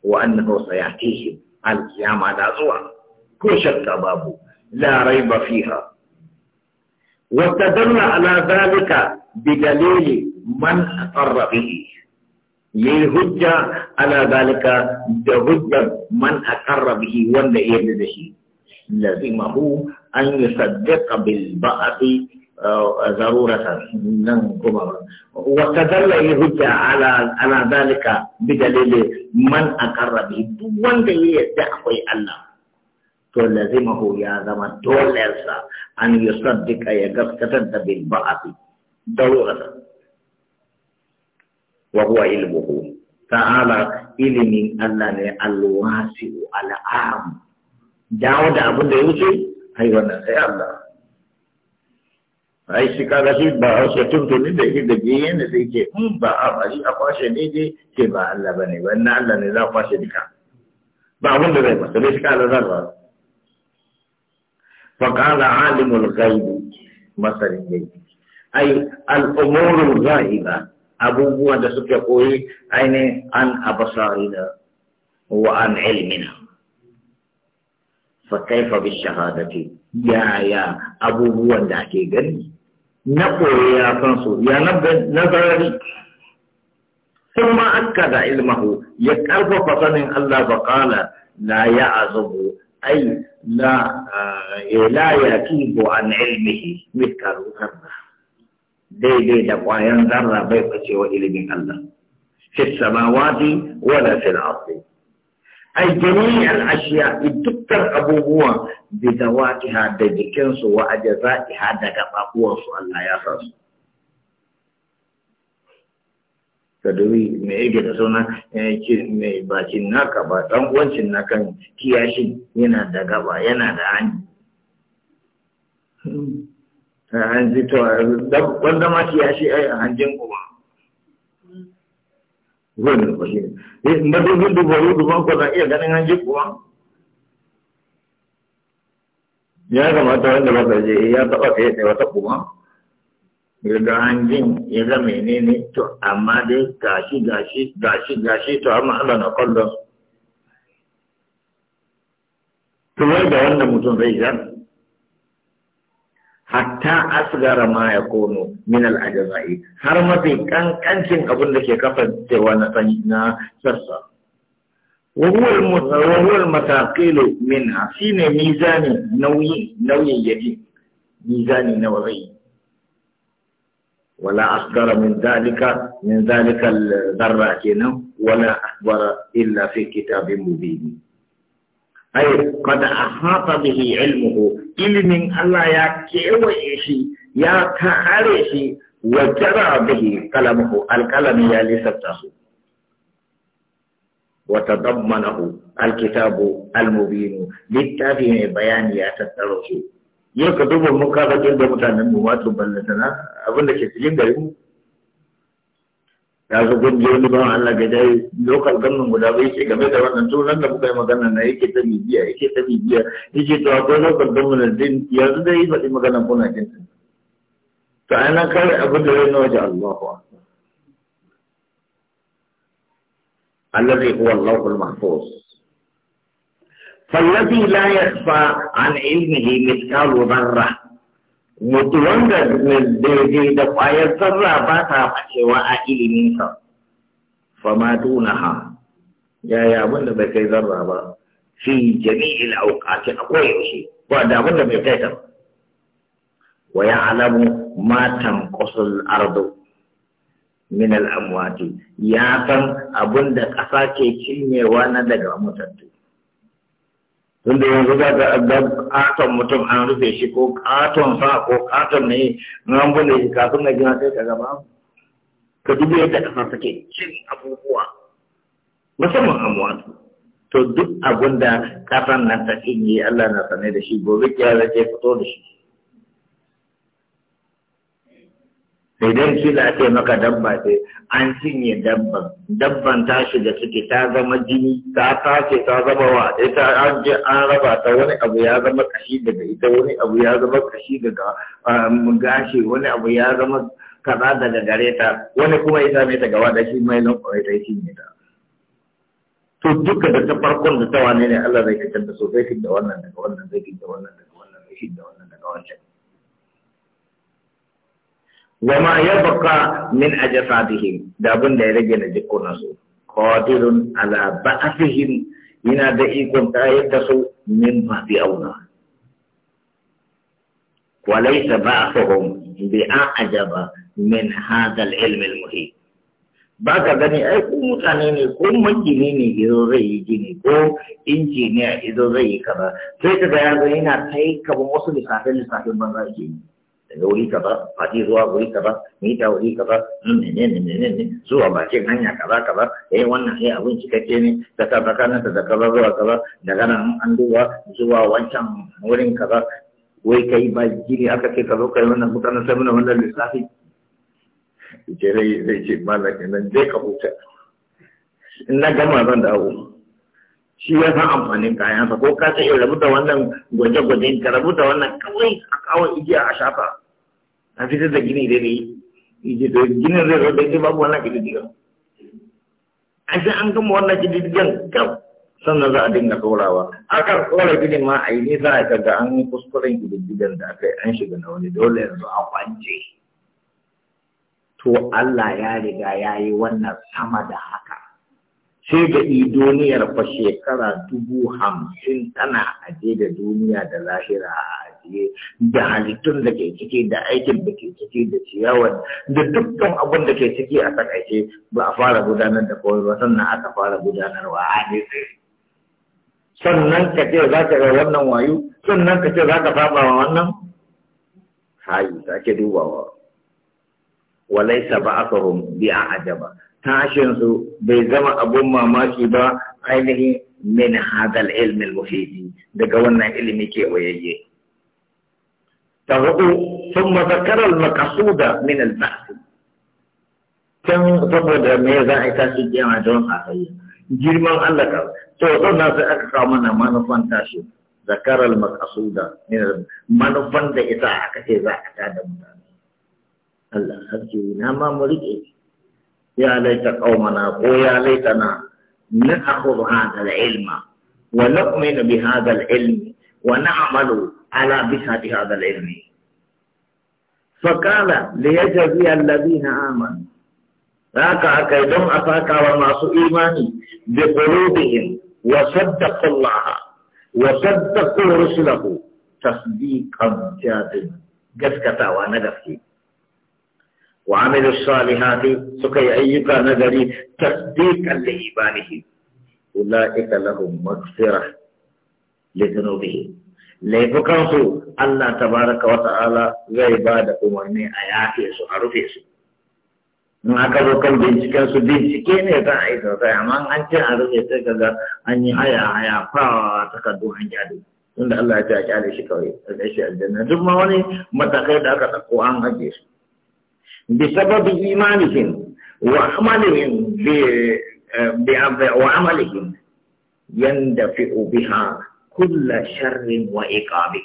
Speaker 2: وأنه سيأتيهم القيامة دعوة كل شك بابه لا ريب فيها واستدل على ذلك بدليل من أقر به يهجة على ذلك بهجة من أقر به ولا يرد به لزمه أن يصدق بالبعث ضرورة واستدل الهجة على على ذلك بدليل من أقر به دون دليل دعوي الله تلزمه يا زمان تولرسا أن يصدق يقصد بالبعث ضرورة وهو علمه تعالى علم الله الواسع العام داود أبو داود أيوة يا الله ai shi kaga shi ba haushe tuntuni da shi da jiye ne sai ce in hmm, ba a bari a kwashe daidai ke ba Allah bane wannan Allah ne za kwashe duka ba abin da zai ba sai shi kaga zan ba fa qala alimul ghaib masarin gaibi ai al umurul ghaiba abubuwan da suke koyi aini an abasarina wa an ilmina fa kaifa bi shahadati ya ya abubuwan da ake gani na koye ya san su ya nazari sun ma aka da ilmahu ya karfafa sanin Allah ba kala la ya azabu ai la ila eh, ya kibo an ilmihi mithqalu da. daidai da kwayan zarra bai bace wa ilimin Allah fi samawati wala fil ardi ai jami'al ashiya dukkan abubuwan. bidawatiha da jikinsu wa ajza'iha da su Allah ya sa su ka mai me yake da suna mai bakin naka ba dan uwancin kan kiyashin yana da gaba yana da An ji to wanda ma kiyashi ai a hanjin kuma wannan ba shi ne madubin dubaru ba ko na iya ganin hanjin kuma ya kamata wanda ba je eh, ya taba kai da wata kuma daga hanjin ya ga menene to amma dai gashi gashi gashi gashi to amma Allah na kallon to wai da wanda mutum zai ga hatta asgara ma ya kono min al ajzai har mafi kankancin abin da ke kafa na na sassa wawar matakilu min a shi ne mizani nauyin yaji mizani na wazai wala asgara min zalika min zalika zarra kenan wala asbara illa fi kitabin mubini ai kada a hata bihi ilmuhu ilimin Allah ya kewaye shi ya kare shi wa jara bihi kalamuhu alkalami ya lissafta وتضمنه الكتاب المبين للتافه بيان يا تتروه يكتب المكافأة عند متعلم موات بلتنا أظن كتلين قريب ya zo gunje wani bawan Allah ga dai lokal gannan guda bai ce game da wannan to nan da kuka magana na yake ta bibiya yake ta bibiya yake to akwai lokal gannan din yanzu dai faɗi magana kuna jin to ai nan kawai abin da ya nawa Allah alati wa lɔɔku ma fos falati la ya fa an ilimi yi mi ka lunan ra na dede da kwaya sarra ba ta ma ce a ilimin ka fama tuna ha yaya mun bai kai zarra ba fi jami il au ce a koya ba da mun da bai kai ta wa alamu matan kusur ardo min al'amwati ya san abin da ƙasa ke cinyewa na daga mutattu tunda yanzu za ka ga ƙaton mutum an rufe shi ko katon sa ko katon ne an bude shi kafin na gina sai ka gaba ka dubi yadda ƙasa take cin abubuwa musamman amwatu to duk abin da ƙasan nan ta cinye Allah na sane da shi gobe kiyar da ke fito da shi idan kila ake maka dabba ce an cinye dabban dabban ta shiga ciki ta zama jini ta tace ta zama wa ita an je an raba ta wani abu ya zama kashi daga ita wani abu ya zama kashi daga um, gashi wani abu ya zama kaza daga gare ta wani kuma ya same ta gaba da shi mai nan kwarai ta cinye ta to duka da ta farkon da ta wane ne Allah zai kakkanta so zai da wannan daga wannan zai da wannan daga wannan zai da wannan daga wancan wa ma baka min ajsadihim da abin da ya rage na jikunan su qadirun ala ba'athihim yana da ikon tayar da su min ma fi auna a laysa ba'thuhum bi ajaba min hadha al-ilm ba ka gani ai mutane ne ko magini ne izo zai yi gini ko injiniya izo zai yi kaza sai ka ga yana kai kaman wasu lissafin lissafin banza ke yi daga wuri kaza faɗi zuwa wuri kaza mita wuri kaza menene menene zuwa bakin hanya kaza kaza eh wannan eh abin cikakke ne ta ta tsakanin ta da kaza zuwa kaza daga nan an duba zuwa wancan wurin kaza wai kai ba jiri aka ce ka zo kai wannan mutanen sai muna wannan lissafi ce zai zai ce malaka nan zai ka huta in na gama zan dawo shi ya san amfanin kayansa ko ka ce rabu wannan gwaje-gwajen ka rabu wannan kawai a kawai igiya a shafa nanti fitar da gini da ne yace to ginin zai zo da yake babu wannan kididdigan an sai an gama wannan kididdigan kam sannan za a dinga ɗorawa a kan ɗora ginin ma a yi tak ada kaga an yi kuskuren kididdigan da aka yi an shiga na wani dole yanzu a kwance to Allah ya riga ya yi wannan sama da haka sai da yi duniyar fa shekara dubu hamsin tana aje da duniya da lahira a ciki da halittun da ke ciki da aikin da ke ciki da ciyawar da dukkan abun da ke ciki a takaice ba a fara gudanar da kawai ba sannan aka fara gudanarwa a ne sannan ka ce za ka ga wannan wayo sannan ka ce za ka saba wa wannan hayi ke dubawa aka ba'athahum bi ajaba tashin su bai zama abun mamaki ba ainihin min hadal ilmi al daga wannan ilimi ke wayayye فهو ثم ذكر المقصود من البحث كان saboda me za a tashi kiyama don halayya girman Allah ka to sannan sai aka kawo mana manufan tashi zakar al manufan da ita aka ce za a tada mutane Allah sarki na ma mu rike ya laita ko ya laita na ilma wa nu'minu ilmi wa na'malu على بسعة هذا العلم فقال ليجزي الذين آمنوا ذاك أكيدهم افاكا ومعصوا إيماني بقلوبهم وصدقوا الله وصدقوا رسله تصديقا جادا جسكتا ونجفتي وعملوا الصالحات سكي أيك نذري تصديقا لإيمانه أولئك لهم مغفرة لذنوبهم laifukansu Allah ta baraka wa ta'ala zai ba da umarni a yafe su a rufe su
Speaker 1: in aka zo kan binciken
Speaker 2: su bincike ne za a yi sosai amma an ce a rufe sai kaga an yi haya haya fawa takardu an kyale tunda Allah ya ce a kyale shi kawai a gaishe aljanna duk ma wani matakai da aka ɗauko an haje su bi sababi imanihim wa amalihim bi eh, wa amalihim yandafi'u biha kulla sharrin wa iqabi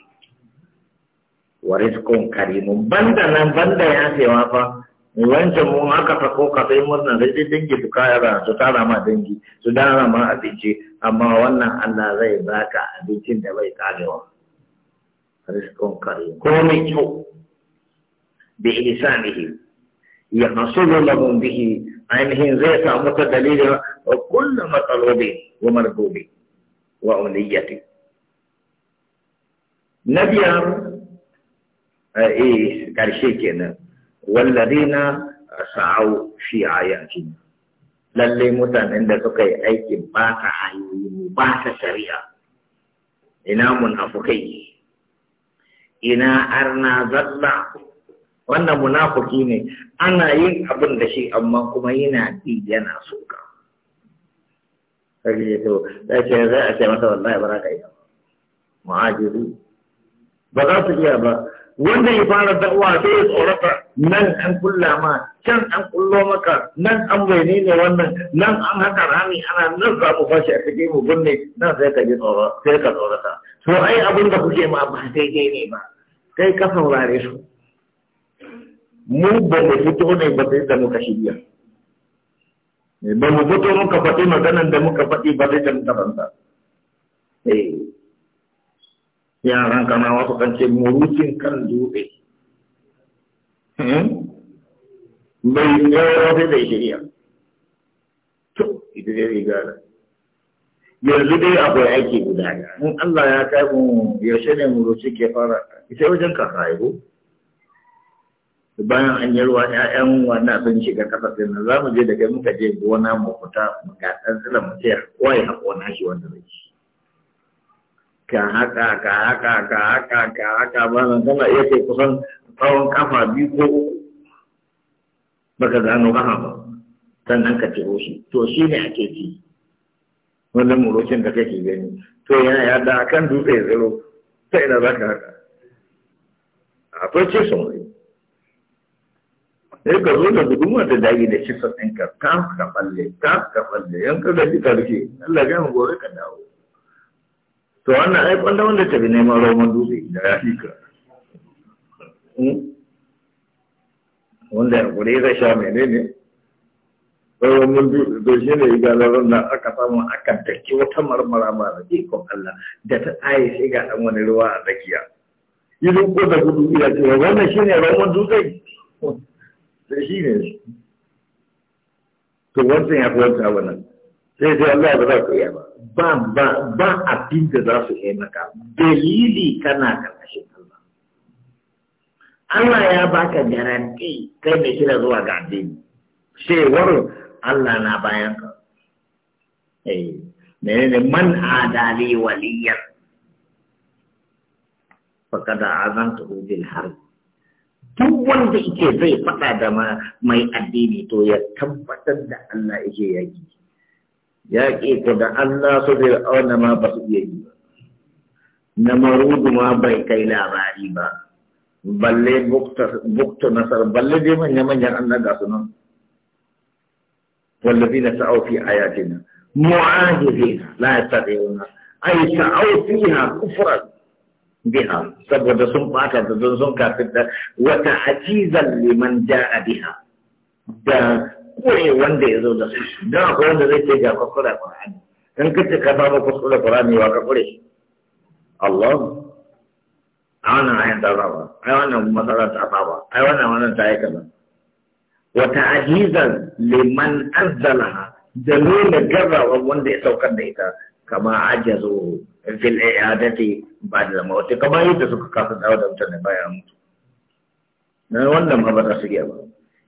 Speaker 2: wa rizqun karimun banda nan banda ya wa fa wancan mun aka ko ka sai murna sai dai dangi su kara su tara ma dangi su dara ma abinci amma wannan Allah zai baka abincin da bai karewa rizqun karim ko mai kyau bi ihsanihi ya nasulu lahum bihi ainihin zai samu ta dalilin kullu matalubi wa marbubi wa uliyati na biyar eh karshe eh, kenan walladina sa'au fi ayatin Lallai mutanen da suka yi aikin ba ta hanyoyi ba ta shari'a ina munafukai ina arna zalla wannan munafuki ne ana yin abin da shi amma kuma yana bi yana soka kaje to da ce za a ce masa wallahi baraka ya mu'ajiru ba za su iya ba wanda ya fara da'uwa sai ya tsorata nan an kulla ma can an kullo maka nan an bayyane ne wannan nan an haka rami ana nan za mu fashi a cikin mu gunne nan sai ka ji tsoro sai ka tsorata to ai abin da kuke ma ba kai ne ba kai ka saurare su mu ba mu fito ne ba sai da muka shirya ba mu fito muka faɗi maganan da muka faɗi ba sai da muka fanta eh yaran kana wasu kan ce murucin kan dutse hmm? bai tsawo sai da shirya to ita dai riga da yanzu dai akwai aiki guda in Allah ya kai mu yaushe ne muruci ke fara ita wajen ka ya bayan an yi ruwa ƴaƴan wannan abin shiga kasa sai na za mu je da kai muka je gona mu fita mu ga ɗan tsira mu ce kowa ya haƙo na shi wanda zai ka haka ka haka ka haka ka haka ba nan tana iya ce kusan tsawon kafa biyu ko uku baka gano kafa ba sannan ka ciro shi to shi ne ake ci wannan murocin da kake gani to yana yada kan dutse ya zaro ta ina za ka haka akwai ce sun rai sai ka zo da gudun wata dagi da shi sa ɗinka ka ka falle ka ka falle Yanka da gaji ka rike Allah ya mu gobe ka dawo to wannan ai kwallo wanda ta bi neman roman dutse da ya fi ka hmm? wanda ya kure zai sha mai ne roman dutse to shi ne galarin da aka samu aka daki wata marmara mara da ikon Allah da ta tsaye sai ga dan wani ruwa a tsakiya yi ko da gudu ya ce wannan shi ne roman dutse sai shi ne to wancan ya fi wancan wannan sai sai Allah ba za ka iya ba ba ba ba abin da za su iya maka dalili kana karkashin Allah Allah ya baka garanti kai mai kira zuwa ga addini cewar Allah na bayan ka eh menene man adali waliyan azan ta bil har. duk wanda yake zai faɗa da mai addini to ya tabbatar da Allah yake yaki yaƙi ku da Allah su fir'auna ma ba su iya yi ba na marudu ma bai kai labari ba balle bukta nasar balle dai manya-manyan Allah ga su nan wallafi na sa'au fi ayatina mu'ajirina la yastati'una ay sa'au fiha kufran biha saboda sun bata da don sun kafirta wata ajizan liman ja'a biha kowane wanda ya zo da su don akwai wanda zai ce ga kwakwara ƙwarani don ka ce ka samu kwakwara ƙwarani wa ka kure Allah a wannan ayan ta zaba ai wannan matsala ta zaba ai wannan wannan ta yi kaza wata ajizan liman azzalaha da nuna gazawar wanda ya saukar da ita kama ajazu fil i'adati ba'da mawt kamar yadda suka kasa dawo da mutane bayan mutu na wannan ma ba za su ba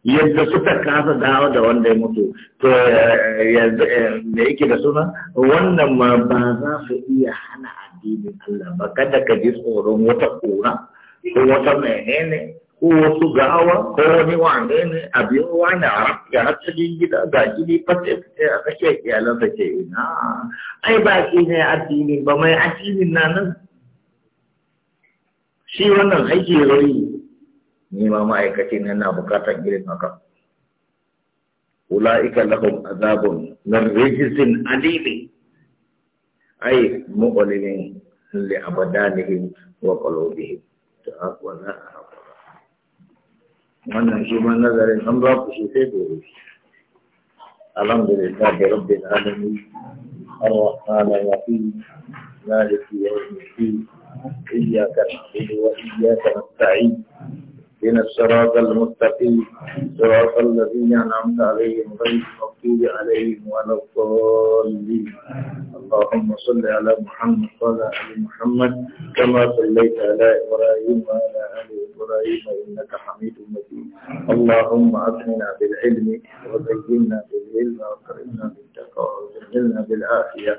Speaker 2: yadda suka kasa dawo da wanda ya mutu to da eh, eh, yake da suna wannan ma ba za su iya hana addinin Allah ba kada ka ji tsoron wata kura, ko wata menene ko wasu gawa ko wani wanda ne a biyu wani a ga hatsarin gida ga gini fata a kashe da ke na ai ba shi ne addini ba mai addinin na nan shi wannan aiki yi. ni ma ma'aikaci ne na bukatar girin haka ula'ika lahum azabun min rijzin alimi ay mu'limin li abadanihim wa qulubihim to akwala wannan shi ma nazarin an ba ku shi sai gobe alhamdulillah da rabbil alamin الرحمن الرحيم مالك يوم الدين إياك نعبد وإياك نستعين إن الصراط المستقيم صراط الذين أنعمت عليهم غير المغضوب عليهم ولا الضالين اللهم صل على محمد وعلى آل محمد كما صليت على إبراهيم وعلى آل إبراهيم إنك حميد مجيد اللهم أغننا بالعلم وزينا بالعلم وأكرمنا بالتقوى وجملنا بالعافية